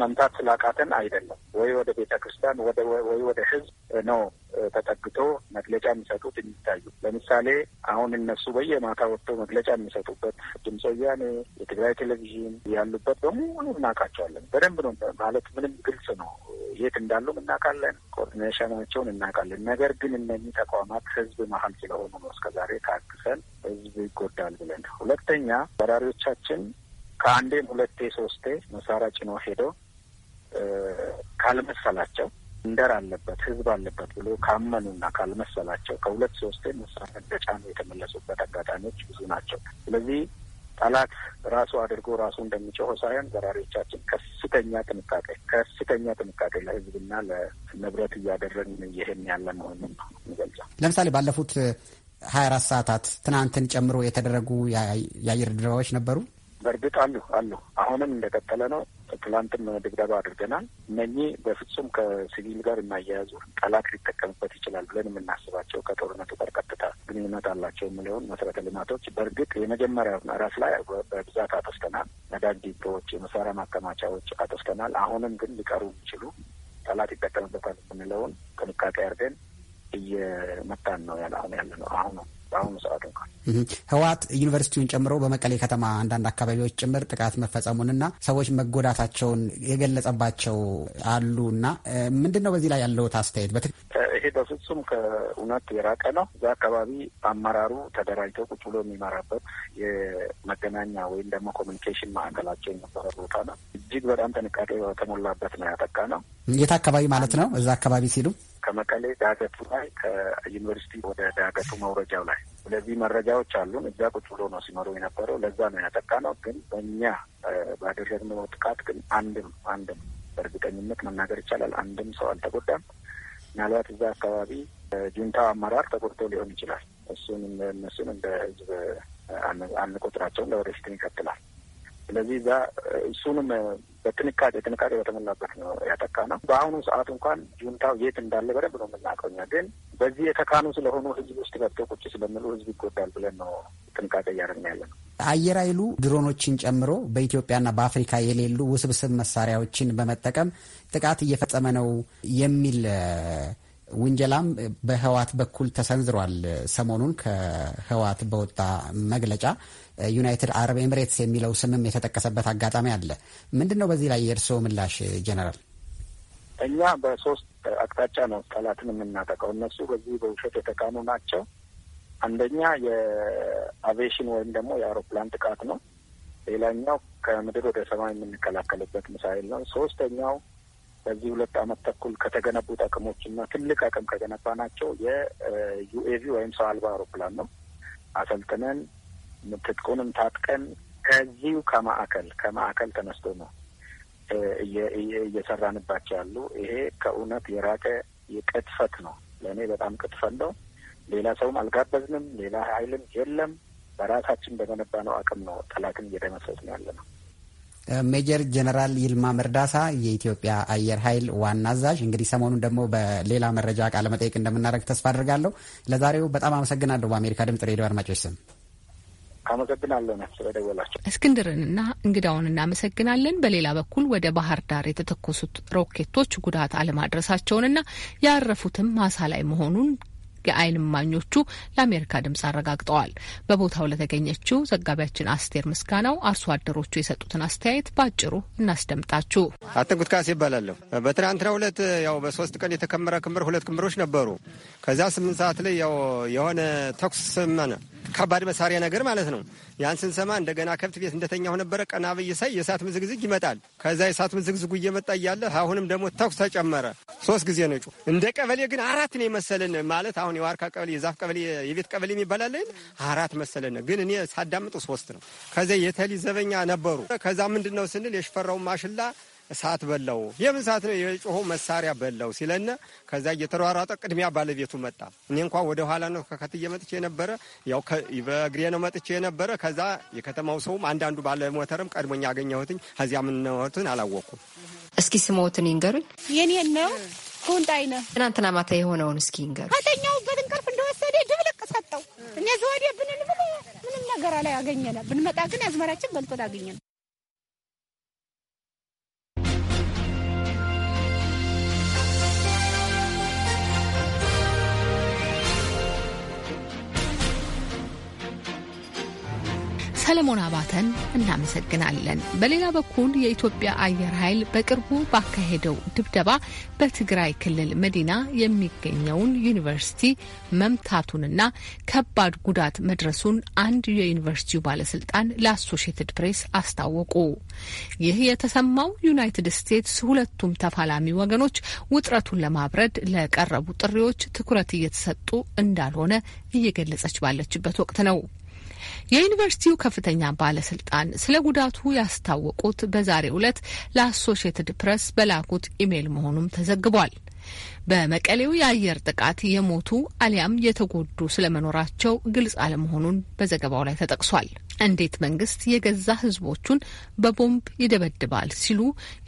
መምታት ስላቃተን አይደለም ወይ ወደ ቤተ ክርስቲያን ወይ ወደ ህዝብ ነው ተጠግቶ መግለጫ የሚሰጡት የሚታዩ ለምሳሌ አሁን እነሱ በየማታ ወጥቶ መግለጫ የሚሰጡበት ድምፅ ወያኔ፣ የትግራይ ቴሌቪዥን ያሉበት በሙሉ እናውቃቸዋለን። በደንብ ነው ማለት ምንም ግልጽ ነው። የት እንዳሉም እናውቃለን። ኮኦርዲኔሽናቸውን እናውቃለን። ነገር ግን እነኚህ ተቋማት ህዝብ መሀል ስለሆኑ ነው እስከዛሬ ታግሰን ህዝብ ይጎዳል ብለን። ሁለተኛ በራሪዎቻችን ከአንዴም ሁለቴ ሶስቴ መሳሪያ ጭኖ ሄደው ካልመሰላቸው መንደር አለበት ህዝብ አለበት ብሎ ካመኑና ካልመሰላቸው ከሁለት ሶስቴ መደጫ ነው የተመለሱበት አጋጣሚዎች ብዙ ናቸው። ስለዚህ ጠላት ራሱ አድርጎ ራሱ እንደሚጮሆ ሳይሆን ዘራሪዎቻችን ከፍተኛ ጥንቃቄ ከፍተኛ ጥንቃቄ ለህዝብና ለንብረት እያደረግን ይህን ያለ መሆኑን ነው ለምሳሌ ባለፉት ሀያ አራት ሰዓታት ትናንትን ጨምሮ የተደረጉ የአየር ድብደባዎች ነበሩ። በእርግጥ አሉ አሉ አሁንም እንደቀጠለ ነው። ትላንትም ድብደባ አድርገናል። እነኚህ በፍጹም ከሲቪል ጋር የማያያዙ ጠላት ሊጠቀምበት ይችላል ብለን የምናስባቸው ከጦርነቱ ጋር ቀጥታ ግንኙነት አላቸው የሚለውን መሰረተ ልማቶች በእርግጥ የመጀመሪያው ምዕራፍ ላይ በብዛት አጥፍተናል። ነዳጅ ዲፖዎች፣ የመሳሪያ ማከማቻዎች አጥፍተናል። አሁንም ግን ሊቀሩ የሚችሉ ጠላት ይጠቀምበታል የምንለውን ጥንቃቄ አድርገን እየመጣን ነው ያለ አሁን ያለ ነው አሁኑ በአሁኑ ሰዓት እንኳን ህወሓት ዩኒቨርሲቲውን ጨምሮ በመቀሌ ከተማ አንዳንድ አካባቢዎች ጭምር ጥቃት መፈጸሙንና ሰዎች መጎዳታቸውን የገለጸባቸው አሉ እና ምንድን ነው በዚህ ላይ ያለውት አስተያየት? ይሄ በፍጹም ከእውነት የራቀ ነው። እዛ አካባቢ አመራሩ ተደራጅቶ ቁጭ ብሎ የሚመራበት የመገናኛ ወይም ደግሞ ኮሚኒኬሽን ማዕከላቸው የነበረ ቦታ ነው። እጅግ በጣም ጥንቃቄ በተሞላበት ነው ያጠቃ ነው። የት አካባቢ ማለት ነው? እዛ አካባቢ ሲሉ ከመቀሌ ዳገቱ ላይ ከዩኒቨርሲቲ ወደ ዳገቱ መውረጃው ላይ ስለዚህ መረጃዎች አሉን። እዛ ቁጭ ብሎ ነው ሲመሩ የነበረው። ለዛ ነው ያጠቃ ነው። ግን በእኛ ባደረግነው ጥቃት ግን አንድም አንድም በእርግጠኝነት መናገር ይቻላል አንድም ሰው አልተጎዳም። ምናልባት እዛ አካባቢ ጁንታው አመራር ተጎድቶ ሊሆን ይችላል። እሱን እነሱን እንደ ህዝብ አንቆጥራቸውን ለወደፊት ይቀጥላል። ስለዚህ እዛ እሱንም በጥንቃቄ ጥንቃቄ በተሞላበት ነው ያጠቃ ነው። በአሁኑ ሰዓት እንኳን ጁንታው የት እንዳለ በደንብ ነው የምናውቀው እኛ። ግን በዚህ የተካኑ ስለሆኑ ህዝብ ውስጥ ገብቶ ቁጭ ስለምሉ ህዝብ ይጎዳል ብለን ነው ጥንቃቄ እያደረግን ያለ ነው። አየር ኃይሉ ድሮኖችን ጨምሮ በኢትዮጵያና በአፍሪካ የሌሉ ውስብስብ መሳሪያዎችን በመጠቀም ጥቃት እየፈጸመ ነው የሚል ውንጀላም በህዋት በኩል ተሰንዝሯል። ሰሞኑን ከህዋት በወጣ መግለጫ ዩናይትድ አረብ ኤምሬትስ የሚለው ስምም የተጠቀሰበት አጋጣሚ አለ። ምንድን ነው በዚህ ላይ የእርስዎ ምላሽ ጀነራል? እኛ በሶስት አቅጣጫ ነው ጠላትን የምናጠቀው። እነሱ በዚህ በውሸት የተቃኑ ናቸው። አንደኛ የአቪዬሽን ወይም ደግሞ የአውሮፕላን ጥቃት ነው። ሌላኛው ከምድር ወደ ሰማይ የምንከላከልበት ምሳይል ነው። ሶስተኛው በዚህ ሁለት አመት ተኩል ከተገነቡ እና ትልቅ አቅም ከገነባ ናቸው የዩኤቪ ወይም ሰው አልባ አውሮፕላን ነው። አሰልጥነን ምትጥቁንም ታጥቀን ከዚሁ ከማዕከል ከማዕከል ተነስቶ ነው እየሰራንባቸው ያሉ። ይሄ ከእውነት የራቀ የቅጥፈት ነው። ለእኔ በጣም ቅጥፈት ነው። ሌላ ሰውም አልጋበዝንም። ሌላ ሀይልም የለም። በራሳችን በገነባ ነው አቅም ነው ጠላትን ነው ያለ ነው። ሜጀር ጀነራል ይልማ መርዳሳ የኢትዮጵያ አየር ኃይል ዋና አዛዥ፣ እንግዲህ ሰሞኑን ደግሞ በሌላ መረጃ ቃለ መጠየቅ እንደምናደርግ ተስፋ አድርጋለሁ። ለዛሬው በጣም አመሰግናለሁ። በአሜሪካ ድምጽ ሬዲዮ አድማጮች ስም አመሰግናለሁ ስለደወላቸው። እስክንድርንና እንግዳውን እናመሰግናለን። በሌላ በኩል ወደ ባህር ዳር የተተኮሱት ሮኬቶች ጉዳት አለማድረሳቸውንና ያረፉትም ማሳ ላይ መሆኑን የአይን እማኞቹ ለአሜሪካ ድምጽ አረጋግጠዋል። በቦታው ለተገኘችው ዘጋቢያችን አስቴር ምስጋናው አርሶ አደሮቹ የሰጡትን አስተያየት በአጭሩ እናስደምጣችሁ። አትንኩት ይባላለሁ። በትናንትና ሁለት ያው በሶስት ቀን የተከመረ ክምር ሁለት ክምሮች ነበሩ። ከዚያ ስምንት ሰዓት ላይ ያው የሆነ ተኩስ ሰማነ። ከባድ መሳሪያ ነገር ማለት ነው። ያን ስንሰማ እንደገና ከብት ቤት እንደተኛሁ ነበረ። ቀና ብዬ ሳይ የእሳት ምዝግዝግ ይመጣል። ከዛ የእሳት ምዝግዝጉ እየመጣ እያለ አሁንም ደግሞ ተኩስ ተጨመረ። ሶስት ጊዜ ነጩ እንደ ቀበሌ ግን አራት ነው የመሰለን ማለት አሁን የዋርካ ቀበሌ፣ የዛፍ ቀበሌ፣ የቤት ቀበሌ የሚባላለ አራት መሰለን፣ ግን እኔ ሳዳምጡ ሶስት ነው። ከዚ የተሊ ዘበኛ ነበሩ። ከዛ ምንድን ነው ስንል የሽፈራውን ማሽላ ሰዓት በላው። የምን ሰዓት ነው? የጮሆ መሳሪያ በላው ሲለነ ከዛ እየተሯሯጠ ቅድሚያ ባለቤቱ መጣ። እኔ እንኳን ወደ ኋላ ነው ከከትዬ መጥቼ የነበረ ያው በእግሬ ነው መጥቼ የነበረ። ከዛ የከተማው ሰውም አንዳንዱ ባለሞተርም ቀድሞኛ ያገኘሁትኝ ከዚያ ምንነትን አላወቅኩም። እስኪ ስሞትን ይንገሩኝ። የኔ ነው ሁንዳይ ነው። ትናንትና ማታ የሆነውን እስኪ ይንገሩ። ከተኛሁበት እንቅልፍ እንደወሰደ ድብልቅ ሰጠው። እኔ ዘወዴ ብንል ምንም ነገር አላይ አገኘነ። ብንመጣ ግን አዝመራችን በልቶ አገኘነ። ሰለሞን አባተን እናመሰግናለን። በሌላ በኩል የኢትዮጵያ አየር ኃይል በቅርቡ ባካሄደው ድብደባ በትግራይ ክልል መዲና የሚገኘውን ዩኒቨርሲቲ መምታቱንና ከባድ ጉዳት መድረሱን አንድ የዩኒቨርሲቲው ባለስልጣን ለአሶሽየትድ ፕሬስ አስታወቁ። ይህ የተሰማው ዩናይትድ ስቴትስ ሁለቱም ተፋላሚ ወገኖች ውጥረቱን ለማብረድ ለቀረቡ ጥሪዎች ትኩረት እየተሰጡ እንዳልሆነ እየገለጸች ባለችበት ወቅት ነው። የዩኒቨርሲቲው ከፍተኛ ባለስልጣን ስለ ጉዳቱ ያስታወቁት በዛሬው ዕለት ለአሶሽየትድ ፕሬስ በላኩት ኢሜይል መሆኑም ተዘግቧል። በመቀሌው የአየር ጥቃት የሞቱ አሊያም የተጎዱ ስለመኖራቸው ግልጽ አለመሆኑን በዘገባው ላይ ተጠቅሷል። እንዴት መንግስት የገዛ ህዝቦቹን በቦምብ ይደበድባል ሲሉ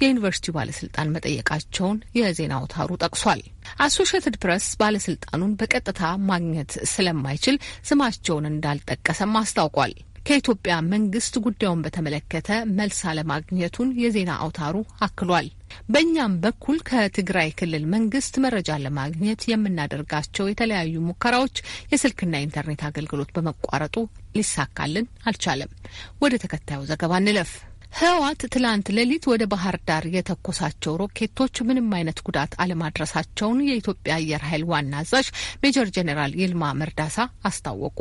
የዩኒቨርሲቲው ባለስልጣን መጠየቃቸውን የዜና አውታሩ ጠቅሷል። አሶሽትድ ፕሬስ ባለስልጣኑን በቀጥታ ማግኘት ስለማይችል ስማቸውን እንዳልጠቀሰም አስታውቋል። ከኢትዮጵያ መንግስት ጉዳዩን በተመለከተ መልስ አለማግኘቱን የዜና አውታሩ አክሏል። በእኛም በኩል ከትግራይ ክልል መንግስት መረጃ ለማግኘት የምናደርጋቸው የተለያዩ ሙከራዎች የስልክና ኢንተርኔት አገልግሎት በመቋረጡ ሊሳካልን አልቻለም። ወደ ተከታዩ ዘገባ እንለፍ። ህወሓት ትላንት ሌሊት ወደ ባህር ዳር የተኮሳቸው ሮኬቶች ምንም አይነት ጉዳት አለማድረሳቸውን የኢትዮጵያ አየር ኃይል ዋና አዛዥ ሜጀር ጄኔራል ይልማ መርዳሳ አስታወቁ።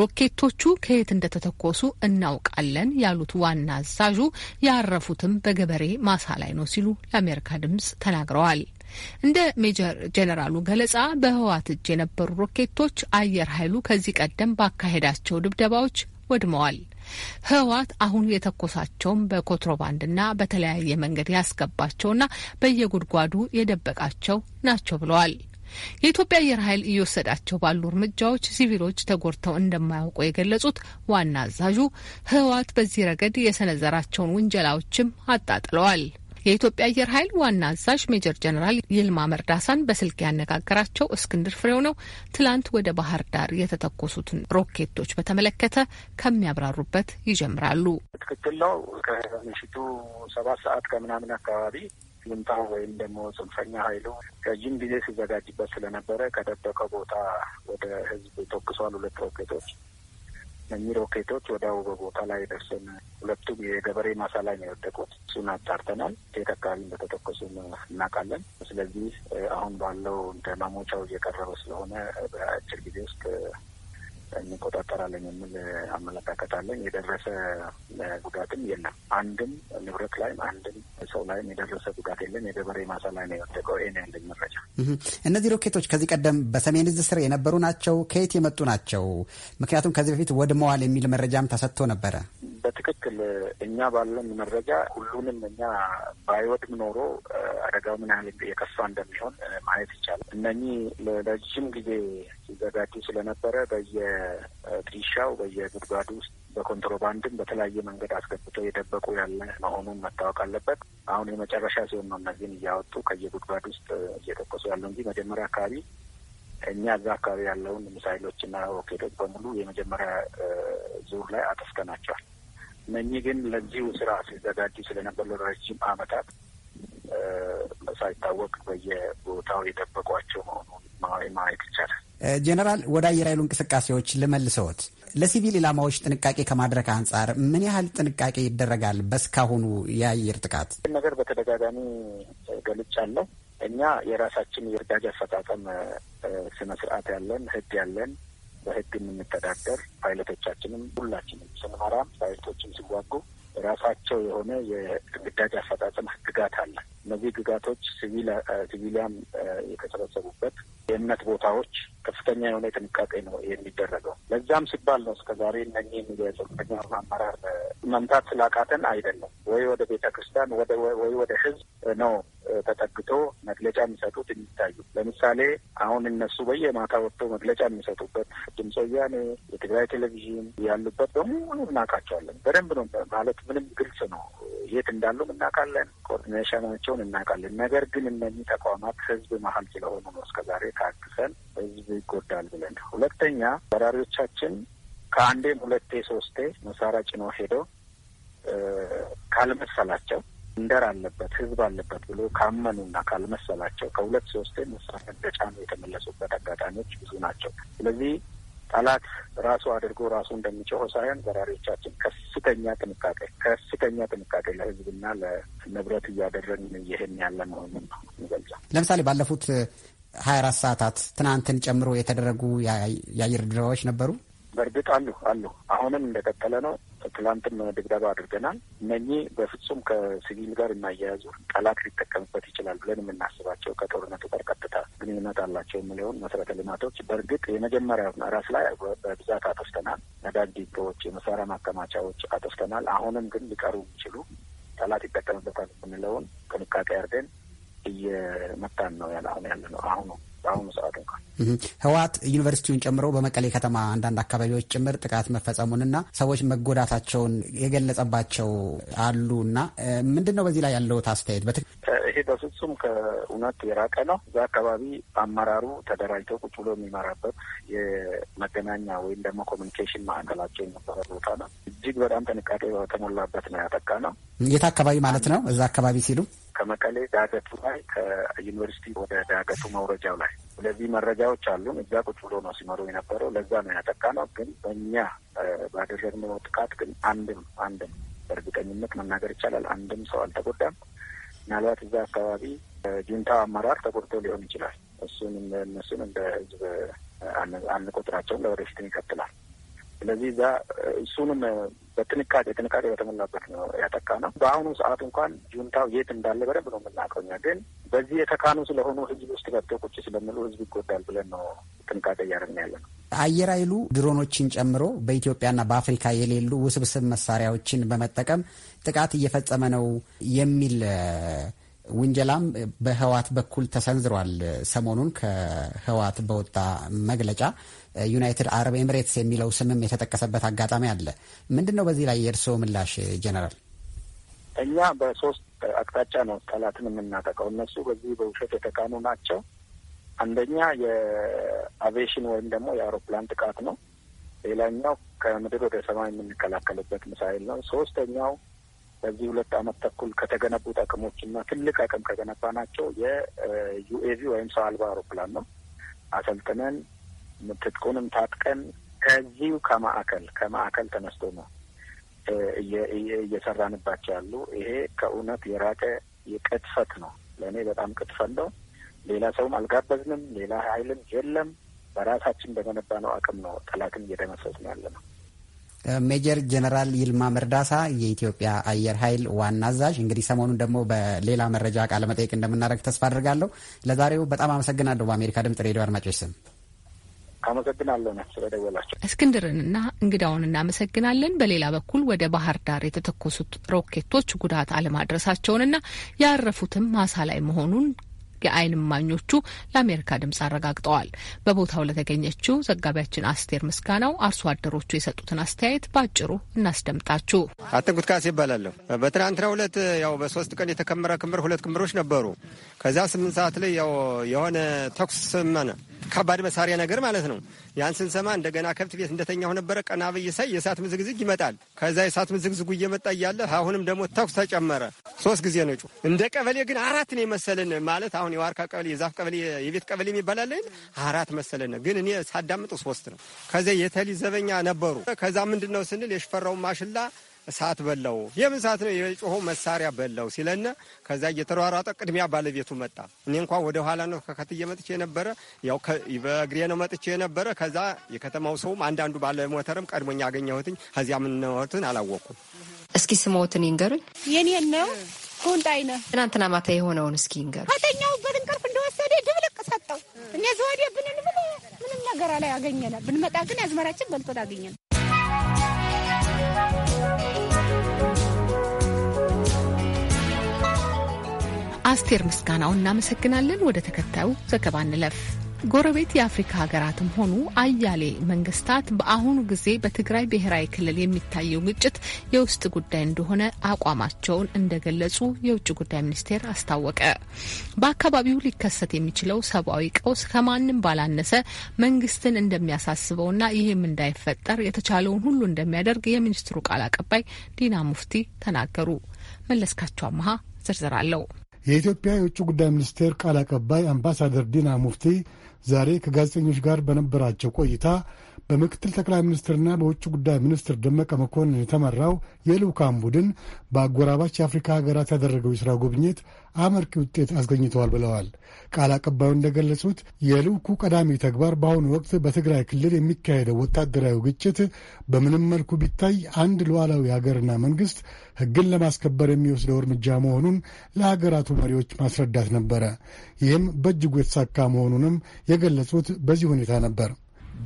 ሮኬቶቹ ከየት እንደተተኮሱ እናውቃለን ያሉት ዋና አዛዡ ያረፉትም በገበሬ ማሳ ላይ ነው ሲሉ ለአሜሪካ ድምጽ ተናግረዋል። እንደ ሜጀር ጄኔራሉ ገለጻ በህወሓት እጅ የነበሩ ሮኬቶች አየር ኃይሉ ከዚህ ቀደም ባካሄዳቸው ድብደባዎች ወድመዋል። ህወሓት አሁን የተኮሳቸውም በኮንትሮባንድና በተለያየ መንገድ ያስገባቸውና በየጉድጓዱ የደበቃቸው ናቸው ብለዋል። የኢትዮጵያ አየር ኃይል እየወሰዳቸው ባሉ እርምጃዎች ሲቪሎች ተጎድተው እንደማያውቁ የገለጹት ዋና አዛዡ ህወሓት በዚህ ረገድ የሰነዘራቸውን ውንጀላዎችም አጣጥለዋል። የኢትዮጵያ አየር ኃይል ዋና አዛዥ ሜጀር ጀነራል ይልማ መርዳሳን በስልክ ያነጋገራቸው እስክንድር ፍሬው ነው። ትላንት ወደ ባህር ዳር የተተኮሱትን ሮኬቶች በተመለከተ ከሚያብራሩበት ይጀምራሉ። ትክክል ነው። ከምሽቱ ሰባት ሰዓት ከምናምን አካባቢ ይምጣው ወይም ደግሞ ጽንፈኛ ኃይሉ ረዥም ጊዜ ሲዘጋጅበት ስለነበረ ከደበቀ ቦታ ወደ ህዝብ ተኩሷል። ሁለት ሮኬቶች እኚህ ሮኬቶች ወደ አውበ ቦታ ላይ ደርሰን ሁለቱም የገበሬ ማሳ ላይ ነው የወደቁት። እሱን አጣርተናል። ቴት አካባቢ እንደተተኮሱም እናውቃለን። ስለዚህ አሁን ባለው እንደ ማሞቻው እየቀረበ ስለሆነ በአጭር ጊዜ ውስጥ እንቆጣጠራለን የሚል አመለካከት አለን። የደረሰ ጉዳትም የለም። አንድም ንብረት ላይም አንድም ሰው ላይም የደረሰ ጉዳት የለም። የገበሬ ማሳ ላይ ነው የወደቀው። ይሄ ያለኝ መረጃ። እነዚህ ሮኬቶች ከዚህ ቀደም በሰሜን እዝ ስር የነበሩ ናቸው። ከየት የመጡ ናቸው? ምክንያቱም ከዚህ በፊት ወድመዋል የሚል መረጃም ተሰጥቶ ነበረ። በትክክል እኛ ባለን መረጃ ሁሉንም እኛ ባይወድም ኖሮ አደጋው ምን ያህል የከፋ እንደሚሆን ማየት ይቻላል። እነኚህ ለረጅም ጊዜ ሲዘጋጁ ስለነበረ በየጥሻው በየጉድጓዱ ውስጥ በኮንትሮባንድም በተለያየ መንገድ አስገብተው የደበቁ ያለ መሆኑን መታወቅ አለበት። አሁን የመጨረሻ ሲሆን ነው እነዚህን እያወጡ ከየጉድጓድ ውስጥ እየጠቀሱ ያለው እንጂ መጀመሪያ አካባቢ እኛ እዛ አካባቢ ያለውን ሚሳይሎችና ሮኬቶች በሙሉ የመጀመሪያ ዙር ላይ አጠፍተናቸዋል። እነኚህ ግን ለዚሁ ስራ ሲዘጋጁ ስለነበር ረጅም አመታት ሳይታወቅ በየቦታው የጠበቋቸው መሆኑን ማየት ይቻላል። ጀነራል ወደ አየር ኃይሉ እንቅስቃሴዎች ልመልሰዎት። ለሲቪል ኢላማዎች ጥንቃቄ ከማድረግ አንጻር ምን ያህል ጥንቃቄ ይደረጋል? በስካሁኑ የአየር ጥቃት ነገር በተደጋጋሚ ገልጫለሁ። እኛ የራሳችን የእርዳጅ አፈጻጸም ስነ ስርዓት ያለን ህግ ያለን በህግ የምንተዳደር ፓይለቶቻችንም ሁላችንም ስንመራ ፓይለቶችም ሲዋጉ የራሳቸው የሆነ የግዳጅ አፈጻጸም ህግጋት አለ። እነዚህ ግጋቶች ሲቪሊያን የተሰበሰቡበት የእምነት ቦታዎች ከፍተኛ የሆነ ጥንቃቄ ነው የሚደረገው። ለዛም ሲባል ነው እስከዛሬ እነኚህን የጽንፈኛ አመራር መምታት ስላቃተን አይደለም ወይ ወደ ቤተ ክርስቲያን ወይ ወደ ህዝብ ነው ተጠግቶ መግለጫ የሚሰጡት የሚታዩ። ለምሳሌ አሁን እነሱ በየማታ ወጥቶ መግለጫ የሚሰጡበት ድምፀ ወያኔ፣ የትግራይ ቴሌቪዥን ያሉበት በሙሉ እናውቃቸዋለን። በደንብ ነው ማለት ምንም ግልጽ ነው። የት እንዳሉም እናውቃለን፣ ኮኦርዲኔሽናቸውን እናውቃለን። ነገር ግን እነዚህ ተቋማት ህዝብ መሀል ስለሆኑ ነው እስከዛሬ ታግሰን ህዝብ ይጎዳል ብለን። ሁለተኛ በራሪዎቻችን ከአንዴም ሁለቴ ሶስቴ መሳሪያ ጭኖ ሄደው ካልመሰላቸው እንደር አለበት ህዝብ አለበት ብሎ ካመኑና ካልመሰላቸው ከሁለት ሶስቴ መሳሪያ እንደጫኑ የተመለሱበት አጋጣሚዎች ብዙ ናቸው። ስለዚህ ጠላት ራሱ አድርጎ ራሱ እንደሚጮሆ ሳይሆን ዘራሪዎቻችን ከፍተኛ ጥንቃቄ ከፍተኛ ጥንቃቄ ለህዝብና ለንብረት እያደረግን ይህን ያለ መሆኑን ነው የሚገልጸው። ለምሳሌ ባለፉት ሀያ አራት ሰዓታት ትናንትን ጨምሮ የተደረጉ የአየር ድብደባዎች ነበሩ። በእርግጥ አሉ አሉ አሁንም እንደቀጠለ ነው። ትላንትም ድብደባ አድርገናል። እነኚህ በፍጹም ከሲቪል ጋር የማያያዙ ጠላት ሊጠቀምበት ይችላል ብለን የምናስባቸው ከጦርነቱ ጋር ቀጥታ ግንኙነት አላቸው የሚለውን መሰረተ ልማቶች በእርግጥ የመጀመሪያ ራስ ላይ በብዛት አጠፍተናል። ነዳጅ ዲፖዎች፣ የመሳሪያ ማከማቻዎች አጠፍተናል። አሁንም ግን ሊቀሩ የሚችሉ ጠላት ይጠቀምበታል የምንለውን ጥንቃቄ አድርገን እየመታን ነው ያለ አሁን ያለ ነው አሁኑ በአሁኑ ሰዓት እንኳን ህወሓት ዩኒቨርሲቲውን ጨምሮ በመቀሌ ከተማ አንዳንድ አካባቢዎች ጭምር ጥቃት መፈጸሙንና ሰዎች መጎዳታቸውን የገለጸባቸው አሉ እና ምንድን ነው በዚህ ላይ ያለውት አስተያየት? ይሄ በፍጹም ከእውነት የራቀ ነው። እዛ አካባቢ አመራሩ ተደራጅቶ ቁጭ ብሎ የሚመራበት የመገናኛ ወይም ደግሞ ኮሚኒኬሽን ማዕከላቸው የነበረ ቦታ ነው። እጅግ በጣም ጥንቃቄ በተሞላበት ነው ያጠቃ ነው። የት አካባቢ ማለት ነው? እዛ አካባቢ ሲሉ ከመቀሌ ዳገቱ ላይ ከዩኒቨርሲቲ ወደ ዳገቱ መውረጃው ላይ ስለዚህ መረጃዎች አሉን። እዛ ቁጭ ብሎ ነው ሲመሩ የነበረው። ለዛ ነው ያጠቃ ነው። ግን በእኛ ባደረግነው ጥቃት ግን አንድም አንድም በእርግጠኝነት መናገር ይቻላል አንድም ሰው አልተጎዳም። ምናልባት እዛ አካባቢ ጁንታው አመራር ተጎድቶ ሊሆን ይችላል። እሱን እነሱን እንደ ህዝብ አንቆጥራቸውም፣ ለወደፊትም ይቀጥላል። ስለዚህ እዛ እሱንም በጥንቃቄ ጥንቃቄ በተሞላበት ነው ያጠቃ ነው። በአሁኑ ሰዓት እንኳን ጁንታው የት እንዳለ በደንብ ነው የምናውቀው እኛ። ግን በዚህ የተካኑ ስለሆኑ ህዝብ ውስጥ ገብቶ ቁጭ ስለምሉ ህዝብ ይጎዳል ብለን ነው ጥንቃቄ እያደረግን ያለ ነው። አየር ኃይሉ ድሮኖችን ጨምሮ በኢትዮጵያና በአፍሪካ የሌሉ ውስብስብ መሳሪያዎችን በመጠቀም ጥቃት እየፈጸመ ነው የሚል ውንጀላም በህዋት በኩል ተሰንዝሯል። ሰሞኑን ከህዋት በወጣ መግለጫ ዩናይትድ አረብ ኤምሬትስ የሚለው ስምም የተጠቀሰበት አጋጣሚ አለ። ምንድን ነው በዚህ ላይ የእርስዎ ምላሽ ጀነራል? እኛ በሶስት አቅጣጫ ነው ጠላትን የምናጠቀው። እነሱ በዚህ በውሸት የተካኑ ናቸው። አንደኛ የአቪዬሽን ወይም ደግሞ የአውሮፕላን ጥቃት ነው። ሌላኛው ከምድር ወደ ሰማይ የምንከላከልበት ሚሳይል ነው። ሶስተኛው በዚህ ሁለት አመት ተኩል ከተገነቡ አቅሞች እና ትልቅ አቅም ከገነባ ናቸው የዩኤቪ ወይም ሰው አልባ አውሮፕላን ነው። አሰልጥነን ምትጥቁንም ታጥቀን ከዚሁ ከማዕከል ከማዕከል ተነስቶ ነው እየሰራንባቸው ያሉ። ይሄ ከእውነት የራቀ የቅጥፈት ነው። ለእኔ በጣም ቅጥፈት ነው። ሌላ ሰውም አልጋበዝንም። ሌላ ኃይልም የለም። በራሳችን በመነባ ነው አቅም ነው ጠላትን እየደመሰስን ያለ ነው። ሜጀር ጀነራል ይልማ መርዳሳ የኢትዮጵያ አየር ኃይል ዋና አዛዥ፣ እንግዲህ ሰሞኑን ደግሞ በሌላ መረጃ ቃለ መጠይቅ እንደምናደርግ ተስፋ አድርጋለሁ። ለዛሬው በጣም አመሰግናለሁ። በአሜሪካ ድምጽ ሬዲዮ አድማጮች ስም አመሰግናለሁ ስለደወላቸው። እስክንድርንና እንግዳውን እናመሰግናለን። በሌላ በኩል ወደ ባህር ዳር የተተኮሱት ሮኬቶች ጉዳት አለማድረሳቸውንና ያረፉትም ማሳ ላይ መሆኑን የዓይን እማኞቹ ለአሜሪካ ድምጽ አረጋግጠዋል። በቦታው ለተገኘችው ዘጋቢያችን አስቴር ምስጋናው አርሶ አደሮቹ የሰጡትን አስተያየት በአጭሩ እናስደምጣችሁ። አትንኩት ካሴ ይባላለሁ። በትናንትና ሁለት ያው በሶስት ቀን የተከመረ ክምር ሁለት ክምሮች ነበሩ። ከዚያ ስምንት ሰዓት ላይ ያው የሆነ ተኩስ ሰማነ። ከባድ መሳሪያ ነገር ማለት ነው። ያን ስንሰማ እንደገና ከብት ቤት እንደተኛሁ ነበረ። ቀና ብዬ ሳይ የእሳት ምዝግዝግ ይመጣል። ከዛ የእሳት ምዝግዝጉ እየመጣ እያለ አሁንም ደግሞ ተኩስ ተጨመረ። ሶስት ጊዜ ነጩ። እንደ ቀበሌ ግን አራት ነው የመሰለን ማለት አሁን የዋርካ ቀበሌ፣ የዛፍ ቀበሌ፣ የቤት ቀበሌ የሚባላለ አለ አራት መሰለን፣ ግን እኔ ሳዳምጡ ሶስት ነው። ከዚ የተሊ ዘበኛ ነበሩ። ከዛ ምንድን ነው ስንል የሽፈራውን ማሽላ ሰዓት በላው። የምን ሰዓት ነው? የጮሆ መሳሪያ በላው ሲለነ ከዛ እየተሯሯጠ ቅድሚያ ባለቤቱ መጣ። እኔ እንኳን ወደ ኋላ ነው ከከትዬ መጥቼ የነበረ ያው በእግሬ ነው መጥቼ የነበረ። ከዛ የከተማው ሰውም አንዳንዱ ባለሞተርም ቀድሞኛ ያገኘሁትኝ ከዚያ ምንነትን አላወቅኩም። እስኪ ስሞትን ይንገሩኝ። የኔ ነው ሁንዳይ ነው። ትናንትና ማታ የሆነውን እስኪ ይንገሩ። ከተኛሁበት እንቅልፍ እንደወሰደ ድብልቅ ሰጠው። እኔ ዘወዴ ብንን ምንም ነገር ላይ ያገኘነ ብንመጣ ግን አዝመራችን በልጦ ላገኘነ አስቴር ምስጋናው እናመሰግናለን። ወደ ተከታዩ ዘገባ እንለፍ። ጎረቤት የአፍሪካ ሀገራትም ሆኑ አያሌ መንግስታት በአሁኑ ጊዜ በትግራይ ብሔራዊ ክልል የሚታየው ግጭት የውስጥ ጉዳይ እንደሆነ አቋማቸውን እንደገለጹ የውጭ ጉዳይ ሚኒስቴር አስታወቀ። በአካባቢው ሊከሰት የሚችለው ሰብአዊ ቀውስ ከማንም ባላነሰ መንግስትን እንደሚያሳስበውና ይህም እንዳይፈጠር የተቻለውን ሁሉ እንደሚያደርግ የሚኒስትሩ ቃል አቀባይ ዲና ሙፍቲ ተናገሩ። መለስካቸው አመሃ ዝርዝር አለው። የኢትዮጵያ የውጭ ጉዳይ ሚኒስቴር ቃል አቀባይ አምባሳደር ዲና ሙፍቲ ዛሬ ከጋዜጠኞች ጋር በነበራቸው ቆይታ በምክትል ጠቅላይ ሚኒስትርና በውጭ ጉዳይ ሚኒስትር ደመቀ መኮንን የተመራው የልዑካን ቡድን በአጎራባች የአፍሪካ ሀገራት ያደረገው የሥራ ጉብኝት አመርቂ ውጤት አስገኝተዋል ብለዋል። ቃል አቀባዩ እንደገለጹት የልዑኩ ቀዳሚ ተግባር በአሁኑ ወቅት በትግራይ ክልል የሚካሄደው ወታደራዊ ግጭት በምንም መልኩ ቢታይ አንድ ሉዓላዊ ሀገርና መንግስት ሕግን ለማስከበር የሚወስደው እርምጃ መሆኑን ለሀገራቱ መሪዎች ማስረዳት ነበረ። ይህም በእጅጉ የተሳካ መሆኑንም የገለጹት በዚህ ሁኔታ ነበር።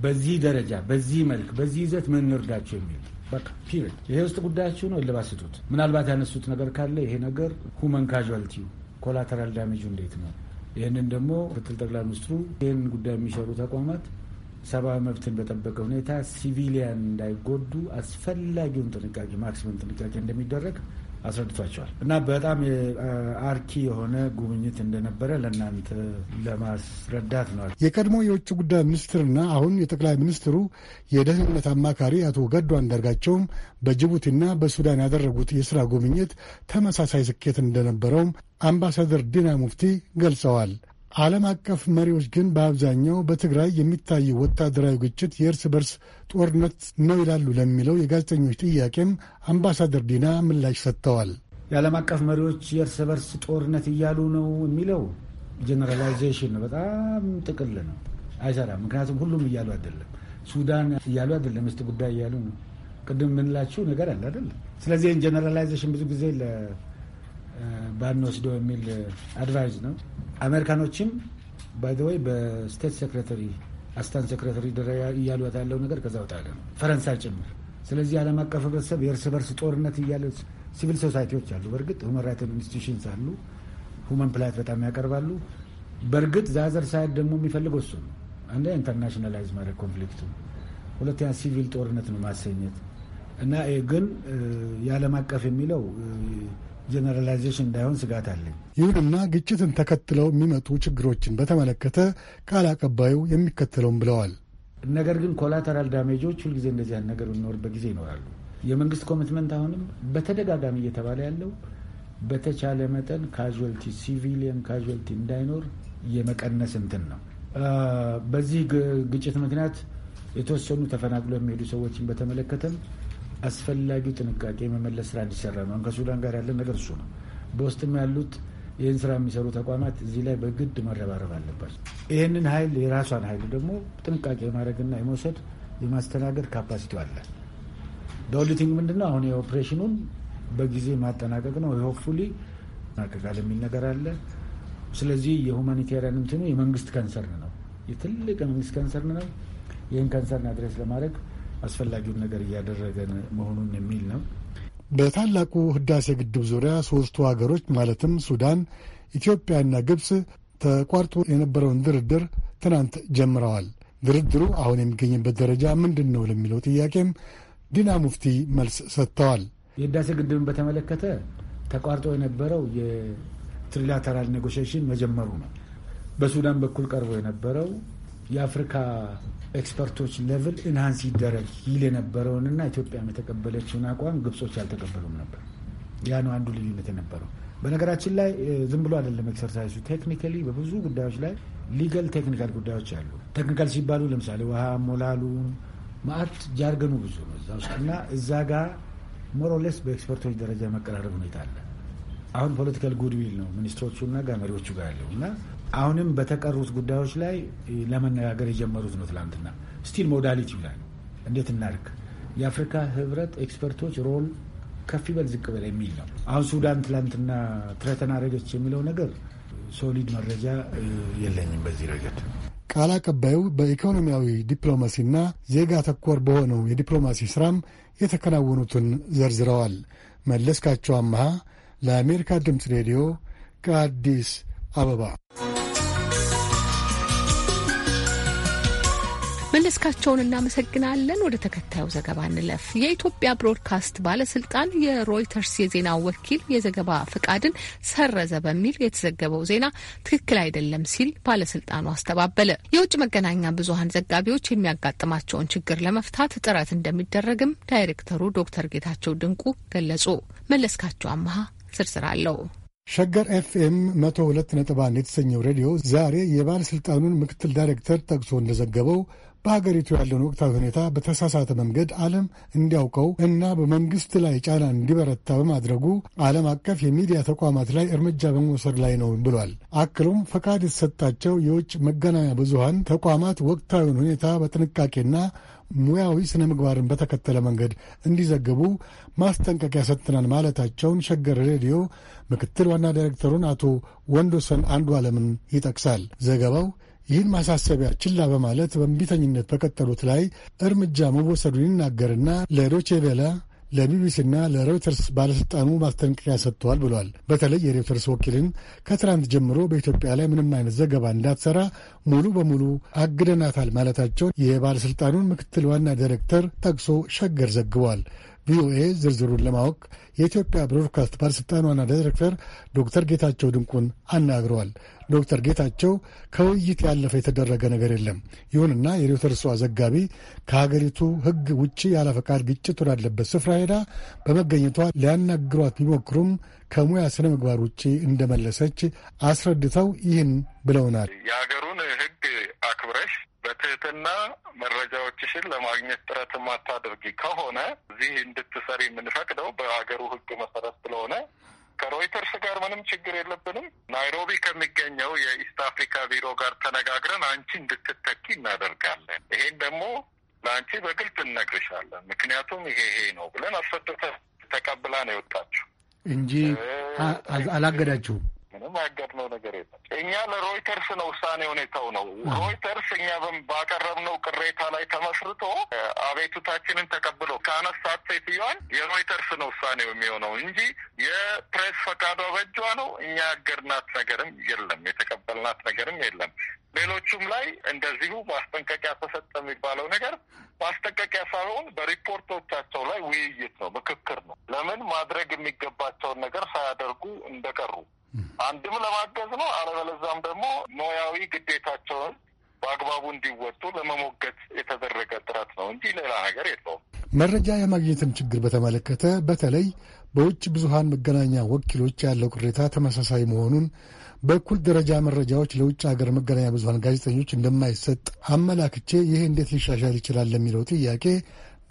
በዚህ ደረጃ፣ በዚህ መልክ፣ በዚህ ይዘት ምን እንርዳቸው የሚል በቃ ፒሪድ። ይሄ ውስጥ ጉዳያችሁ ነው፣ እልባት ስጡት። ምናልባት ያነሱት ነገር ካለ ይሄ ነገር ሁመን ካዥዋልቲው ኮላተራል ዳሜጁ እንዴት ነው? ይህንን ደግሞ ምክትል ጠቅላይ ሚኒስትሩ ይህን ጉዳይ የሚሰሩ ተቋማት ሰብአዊ መብትን በጠበቀ ሁኔታ ሲቪሊያን እንዳይጎዱ አስፈላጊውን ጥንቃቄ ማክሲመም ጥንቃቄ እንደሚደረግ አስረድቷቸዋል እና በጣም አርኪ የሆነ ጉብኝት እንደነበረ ለእናንተ ለማስረዳት ነው። የቀድሞ የውጭ ጉዳይ ሚኒስትርና አሁን የጠቅላይ ሚኒስትሩ የደህንነት አማካሪ አቶ ገዱ አንዳርጋቸውም በጅቡቲና በሱዳን ያደረጉት የስራ ጉብኝት ተመሳሳይ ስኬት እንደነበረውም አምባሳደር ዲና ሙፍቲ ገልጸዋል። ዓለም አቀፍ መሪዎች ግን በአብዛኛው በትግራይ የሚታየው ወታደራዊ ግጭት የእርስ በርስ ጦርነት ነው ይላሉ ለሚለው የጋዜጠኞች ጥያቄም አምባሳደር ዲና ምላሽ ሰጥተዋል። የዓለም አቀፍ መሪዎች የእርስ በርስ ጦርነት እያሉ ነው የሚለው ጀነራላይዜሽን ነው። በጣም ጥቅል ነው፣ አይሰራም። ምክንያቱም ሁሉም እያሉ አይደለም። ሱዳን እያሉ አይደለም፣ ውስጥ ጉዳይ እያሉ ነው። ቅድም የምንላችሁ ነገር አለ አይደለም። ስለዚህ ጀነራላይዜሽን ብዙ ጊዜ ባንወስደው የሚል አድቫይዝ ነው። አሜሪካኖችም ባይዘወይ በስቴት ሴክሬታሪ አስታን ሴክሬታሪ ደረጃ እያሉት ያለው ነገር ከዛ ወጣለ ነው፣ ፈረንሳይ ጭምር። ስለዚህ ዓለም አቀፍ ህብረተሰብ የእርስ በርስ ጦርነት እያለ ሲቪል ሶሳይቲዎች አሉ። በእርግጥ ሁመን ራይት ኢንስቲቱሽንስ አሉ። ሁመን ፕላይት በጣም ያቀርባሉ። በእርግጥ ዛዘር ሳይድ ደግሞ የሚፈልገው እሱ ነው። አንደ ኢንተርናሽናላይዝ ማድረግ ኮንፍሊክቱ፣ ሁለተኛ ሲቪል ጦርነት ነው ማሰኘት እና ግን የዓለም አቀፍ የሚለው ጀነራላይዜሽን እንዳይሆን ስጋት አለኝ። ይሁንና ግጭትን ተከትለው የሚመጡ ችግሮችን በተመለከተ ቃል አቀባዩ የሚከተለውም ብለዋል። ነገር ግን ኮላተራል ዳሜጆች ሁልጊዜ እንደዚህ አይነት ነገር የሚኖርበት ጊዜ ይኖራሉ። የመንግስት ኮሚትመንት አሁንም በተደጋጋሚ እየተባለ ያለው በተቻለ መጠን ካዥዋልቲ ሲቪሊየን ካዥዋልቲ እንዳይኖር የመቀነስ እንትን ነው። በዚህ ግጭት ምክንያት የተወሰኑ ተፈናቅሎ የሚሄዱ ሰዎችን በተመለከተም አስፈላጊው ጥንቃቄ መመለስ ስራ እንዲሰራ ነው። ከሱዳን ጋር ያለን ነገር እሱ ነው። በውስጥም ያሉት ይህን ስራ የሚሰሩ ተቋማት እዚህ ላይ በግድ መረባረብ አለባቸው። ይህንን ኃይል የራሷን ኃይል ደግሞ ጥንቃቄ የማድረግና የመውሰድ የማስተናገድ ካፓሲቲ አለ። ኦዲቲንግ ምንድነው? አሁን የኦፕሬሽኑን በጊዜ ማጠናቀቅ ነው። ሆፕፉሊ ማቀቃል የሚል ነገር አለ። ስለዚህ የሁማኒቴሪያን እንትኑ የመንግስት ከንሰርን ነው፣ የትልቅ የመንግስት ከንሰርን ነው። ይህን ከንሰርን አድሬስ ለማድረግ አስፈላጊውን ነገር እያደረገን መሆኑን የሚል ነው። በታላቁ ህዳሴ ግድብ ዙሪያ ሶስቱ ሀገሮች ማለትም ሱዳን፣ ኢትዮጵያና ግብፅ ተቋርጦ የነበረውን ድርድር ትናንት ጀምረዋል። ድርድሩ አሁን የሚገኝበት ደረጃ ምንድን ነው ለሚለው ጥያቄም ዲና ሙፍቲ መልስ ሰጥተዋል። የህዳሴ ግድብን በተመለከተ ተቋርጦ የነበረው የትሪላተራል ኔጎሽሽን መጀመሩ ነው። በሱዳን በኩል ቀርቦ የነበረው የአፍሪካ ኤክስፐርቶች ሌቭል ኢንሃንስ ይደረግ ይል የነበረውንና ኢትዮጵያም የተቀበለችውን አቋም ግብጾች አልተቀበሉም ነበር። ያ ነው አንዱ ልዩነት የነበረው። በነገራችን ላይ ዝም ብሎ አይደለም ኤክሰርሳይዙ። ቴክኒካሊ በብዙ ጉዳዮች ላይ ሊገል ቴክኒካል ጉዳዮች አሉ። ቴክኒካል ሲባሉ ለምሳሌ ውሃ ሞላሉ ማአት ጃርገኑ ብዙ ነው እዛ ውስጥ እና እዛ ጋር ሞሮሌስ በኤክስፐርቶች ደረጃ መቀራረብ ሁኔታ አለ። አሁን ፖለቲካል ጉድዊል ነው ሚኒስትሮቹና ጋር መሪዎቹ ጋር ያለው እና አሁንም በተቀሩት ጉዳዮች ላይ ለመነጋገር የጀመሩት ነው። ትላንትና ስቲል ሞዳሊቲው ላይ ነው እንዴት እናድርግ የአፍሪካ ህብረት ኤክስፐርቶች ሮል ከፍ ይበል ዝቅ በል የሚል ነው። አሁን ሱዳን ትላንትና ትረተና አረገች የሚለው ነገር ሶሊድ መረጃ የለኝም በዚህ ረገድ። ቃል አቀባዩ በኢኮኖሚያዊ ዲፕሎማሲና ዜጋ ተኮር በሆነው የዲፕሎማሲ ስራም የተከናወኑትን ዘርዝረዋል። መለስካቸው አመሃ ለአሜሪካ ድምፅ ሬዲዮ ከአዲስ አበባ መለስካቸውን እናመሰግናለን። ወደ ተከታዩ ዘገባ እንለፍ። የኢትዮጵያ ብሮድካስት ባለስልጣን የሮይተርስ የዜና ወኪል የዘገባ ፍቃድን ሰረዘ በሚል የተዘገበው ዜና ትክክል አይደለም ሲል ባለስልጣኑ አስተባበለ። የውጭ መገናኛ ብዙኃን ዘጋቢዎች የሚያጋጥማቸውን ችግር ለመፍታት ጥረት እንደሚደረግም ዳይሬክተሩ ዶክተር ጌታቸው ድንቁ ገለጹ። መለስካቸው አመሃ ዝርዝር አለው። ሸገር ኤፍኤም መቶ ሁለት ነጥብ አንድ የተሰኘው ሬዲዮ ዛሬ የባለሥልጣኑን ምክትል ዳይሬክተር ጠቅሶ እንደዘገበው በሀገሪቱ ያለውን ወቅታዊ ሁኔታ በተሳሳተ መንገድ ዓለም እንዲያውቀው እና በመንግስት ላይ ጫና እንዲበረታ በማድረጉ ዓለም አቀፍ የሚዲያ ተቋማት ላይ እርምጃ በመውሰድ ላይ ነው ብሏል። አክሎም ፈቃድ የተሰጣቸው የውጭ መገናኛ ብዙሃን ተቋማት ወቅታዊውን ሁኔታ በጥንቃቄና ሙያዊ ስነ ምግባርን በተከተለ መንገድ እንዲዘግቡ ማስጠንቀቂያ ሰጥተናል ማለታቸውን ሸገር ሬዲዮ ምክትል ዋና ዳይሬክተሩን አቶ ወንዶሰን አንዱ ዓለምን ይጠቅሳል ዘገባው። ይህን ማሳሰቢያ ችላ በማለት በእንቢተኝነት በቀጠሉት ላይ እርምጃ መወሰዱን ይናገርና ለዶቼ ቬለ ለቢቢሲና ለሮይተርስ ባለሥልጣኑ ማስጠንቀቂያ ሰጥተዋል ብሏል። በተለይ የሮይተርስ ወኪልን ከትናንት ጀምሮ በኢትዮጵያ ላይ ምንም አይነት ዘገባ እንዳትሰራ ሙሉ በሙሉ አግደናታል ማለታቸውን የባለሥልጣኑን ምክትል ዋና ዲሬክተር ጠቅሶ ሸገር ዘግቧል። ቪኦኤ ዝርዝሩን ለማወቅ የኢትዮጵያ ብሮድካስት ባለሥልጣን ዋና ዳይሬክተር ዶክተር ጌታቸው ድንቁን አናግረዋል። ዶክተር ጌታቸው ከውይይት ያለፈ የተደረገ ነገር የለም፣ ይሁንና የሬውተርሷ ዘጋቢ ከሀገሪቱ ሕግ ውጭ ያለ ፈቃድ ግጭት ወዳለበት ስፍራ ሄዳ በመገኘቷ ሊያናግሯት ቢሞክሩም ከሙያ ስነ ምግባር ውጭ እንደመለሰች አስረድተው ይህን ብለውናል። የሀገሩን ሕግ አክብረሽ በትህትና መረጃዎችሽን ለማግኘት ጥረት የማታደርጊ ከሆነ እዚህ እንድትሰሪ የምንፈቅደው በሀገሩ ህግ መሰረት ስለሆነ ከሮይተርስ ጋር ምንም ችግር የለብንም። ናይሮቢ ከሚገኘው የኢስት አፍሪካ ቢሮ ጋር ተነጋግረን አንቺ እንድትተኪ እናደርጋለን። ይሄን ደግሞ ለአንቺ በግልጽ እነግርሻለን። ምክንያቱም ይሄ ይሄ ነው ብለን አስፈጥተ ተቀብላ ነው የወጣችሁ እንጂ አላገዳችሁም። ምንም ያጋድነው ነገር የለም። እኛ ለሮይተርስ ነው ውሳኔ ሁኔታው ነው። ሮይተርስ እኛ ባቀረብነው ቅሬታ ላይ ተመስርቶ አቤቱታችንን ተቀብሎ ከአነሳት ሴትዮዋን የሮይተርስ ነው ውሳኔው የሚሆነው እንጂ የፕሬስ ፈቃዷ በእጇ ነው። እኛ ያገድናት ነገርም የለም፣ የተቀበልናት ነገርም የለም። ሌሎቹም ላይ እንደዚሁ ማስጠንቀቂያ ተሰጠ የሚባለው ነገር ማስጠንቀቂያ ሳይሆን በሪፖርቶቻቸው ላይ ውይይት ነው፣ ምክክር ነው። ለምን ማድረግ የሚገባቸውን ነገር ሳያደርጉ እንደቀሩ አንድም ለማገዝ ነው፣ አለበለዛም ደግሞ ሙያዊ ግዴታቸውን በአግባቡ እንዲወጡ ለመሞገት የተደረገ ጥረት ነው እንጂ ሌላ ነገር የለውም። መረጃ የማግኘትን ችግር በተመለከተ በተለይ በውጭ ብዙሃን መገናኛ ወኪሎች ያለው ቅሬታ ተመሳሳይ መሆኑን በእኩል ደረጃ መረጃዎች ለውጭ ሀገር መገናኛ ብዙሀን ጋዜጠኞች እንደማይሰጥ አመላክቼ ይህ እንዴት ሊሻሻል ይችላል ለሚለው ጥያቄ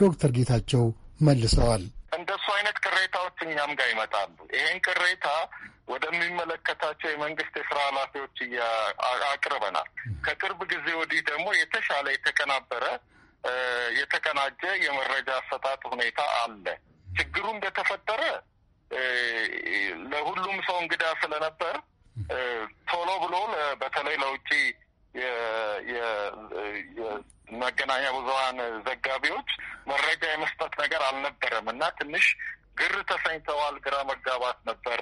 ዶክተር ጌታቸው መልሰዋል። እንደሱ አይነት ቅሬታዎች እኛም ጋር ይመጣሉ። ይሄን ቅሬታ ወደሚመለከታቸው የመንግስት የስራ ኃላፊዎች አቅርበናል። ከቅርብ ጊዜ ወዲህ ደግሞ የተሻለ የተቀናበረ የተቀናጀ የመረጃ አሰጣጥ ሁኔታ አለ። ችግሩ እንደተፈጠረ ለሁሉም ሰው እንግዳ ስለነበር ቶሎ ብሎ በተለይ ለውጭ መገናኛ ብዙሀን ዘጋቢዎች መረጃ የመስጠት ነገር አልነበረም እና ትንሽ ግር ተሰኝተዋል። ግራ መጋባት ነበር።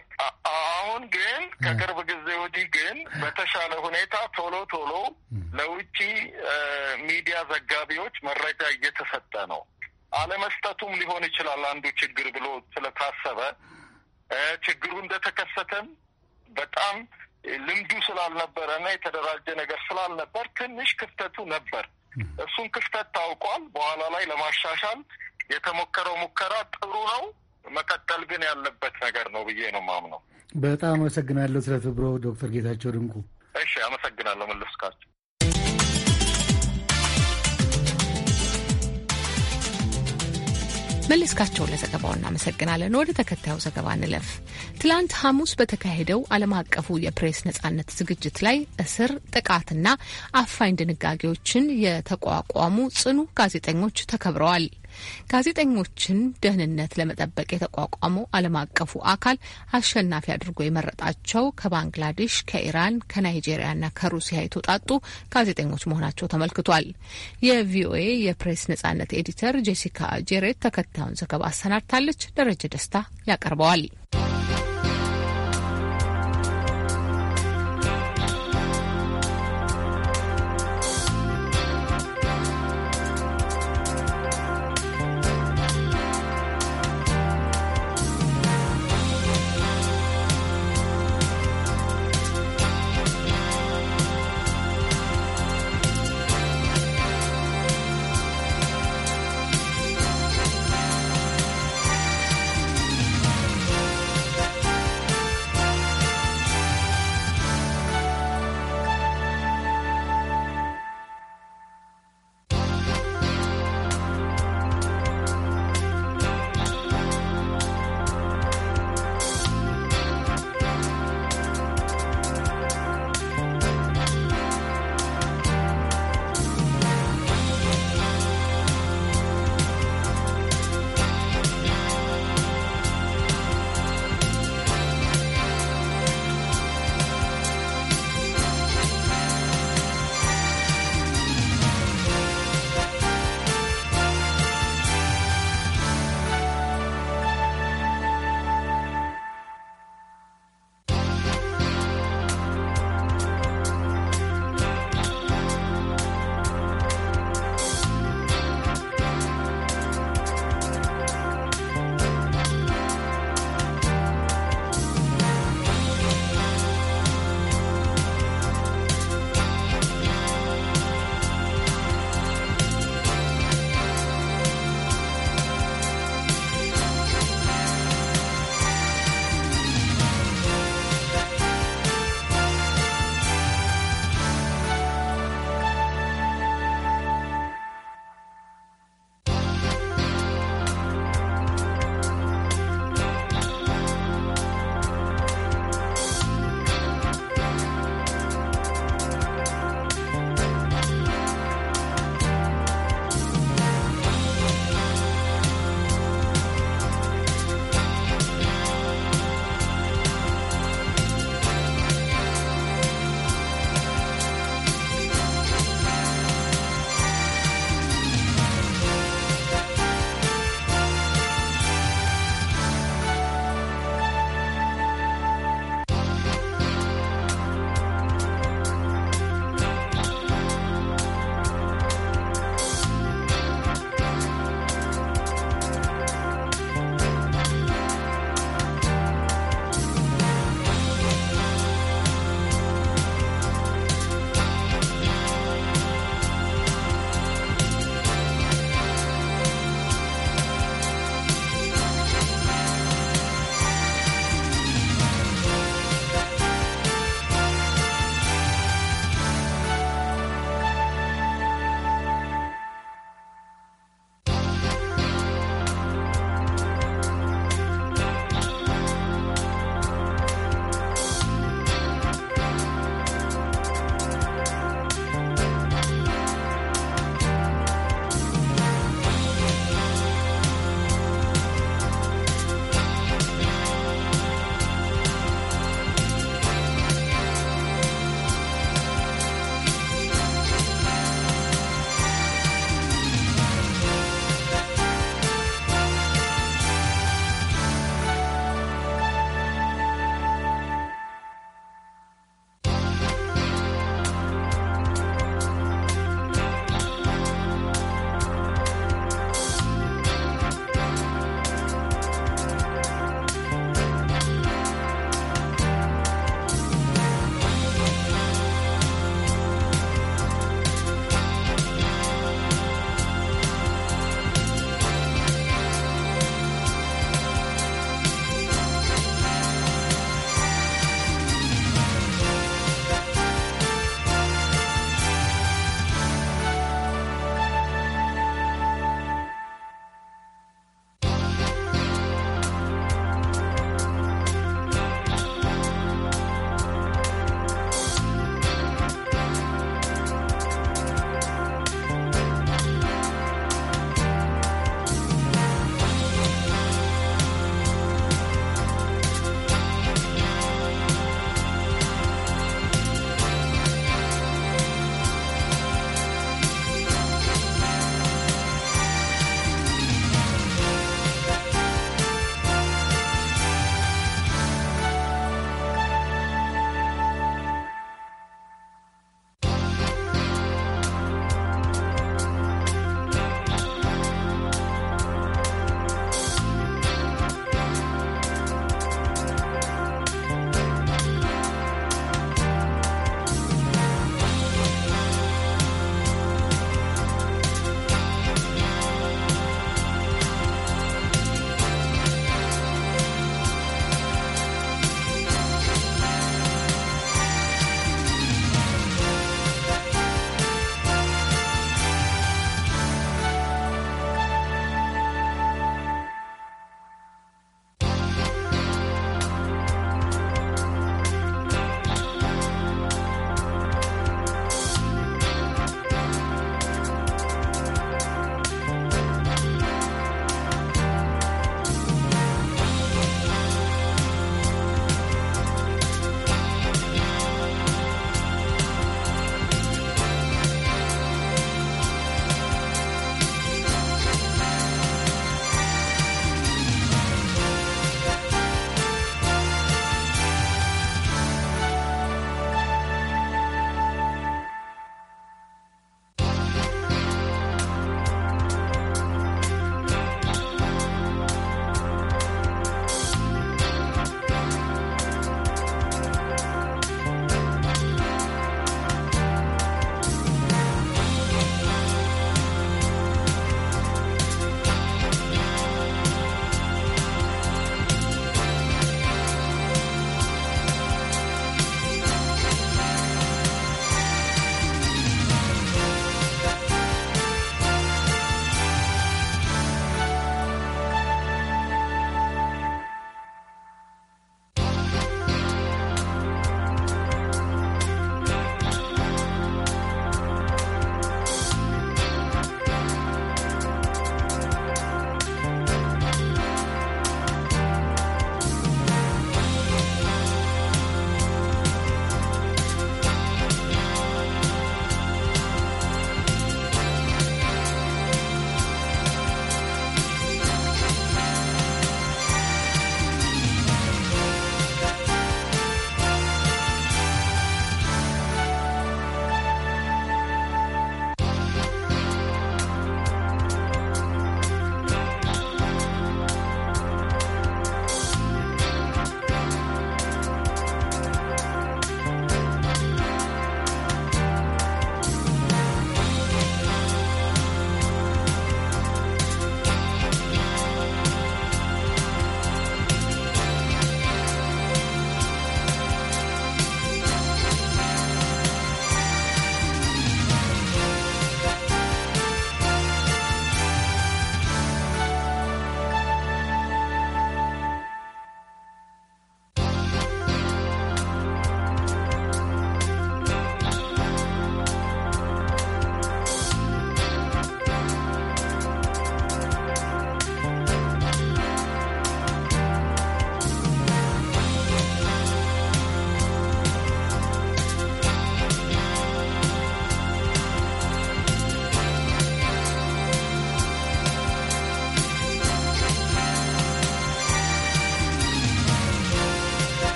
አሁን ግን ከቅርብ ጊዜ ወዲህ ግን በተሻለ ሁኔታ ቶሎ ቶሎ ለውጭ ሚዲያ ዘጋቢዎች መረጃ እየተሰጠ ነው። አለመስጠቱም ሊሆን ይችላል አንዱ ችግር ብሎ ስለታሰበ ችግሩ እንደተከሰተም በጣም ልምዱ ስላልነበረ እና የተደራጀ ነገር ስላልነበር ትንሽ ክፍተቱ ነበር። እሱን ክፍተት ታውቋል። በኋላ ላይ ለማሻሻል የተሞከረው ሙከራ ጥሩ ነው፣ መቀጠል ግን ያለበት ነገር ነው ብዬ ነው ማምነው። በጣም አመሰግናለሁ ስለ ትብሮ ዶክተር ጌታቸው ድንቁ። እሺ አመሰግናለሁ መለስካቸው። መለስካቸውን ለዘገባው እናመሰግናለን። ወደ ተከታዩ ዘገባ እንለፍ። ትላንት ሐሙስ በተካሄደው ዓለም አቀፉ የፕሬስ ነጻነት ዝግጅት ላይ እስር፣ ጥቃትና አፋኝ ድንጋጌዎችን የተቋቋሙ ጽኑ ጋዜጠኞች ተከብረዋል። ጋዜጠኞችን ደህንነት ለመጠበቅ የተቋቋመው ዓለም አቀፉ አካል አሸናፊ አድርጎ የመረጣቸው ከባንግላዴሽ፣ ከኢራን፣ ከናይጄሪያና ከሩሲያ የተውጣጡ ጋዜጠኞች መሆናቸው ተመልክቷል። የቪኦኤ የፕሬስ ነጻነት ኤዲተር ጄሲካ ጄሬት ተከታዩን ዘገባ አሰናድታለች። ደረጀ ደስታ ያቀርበዋል።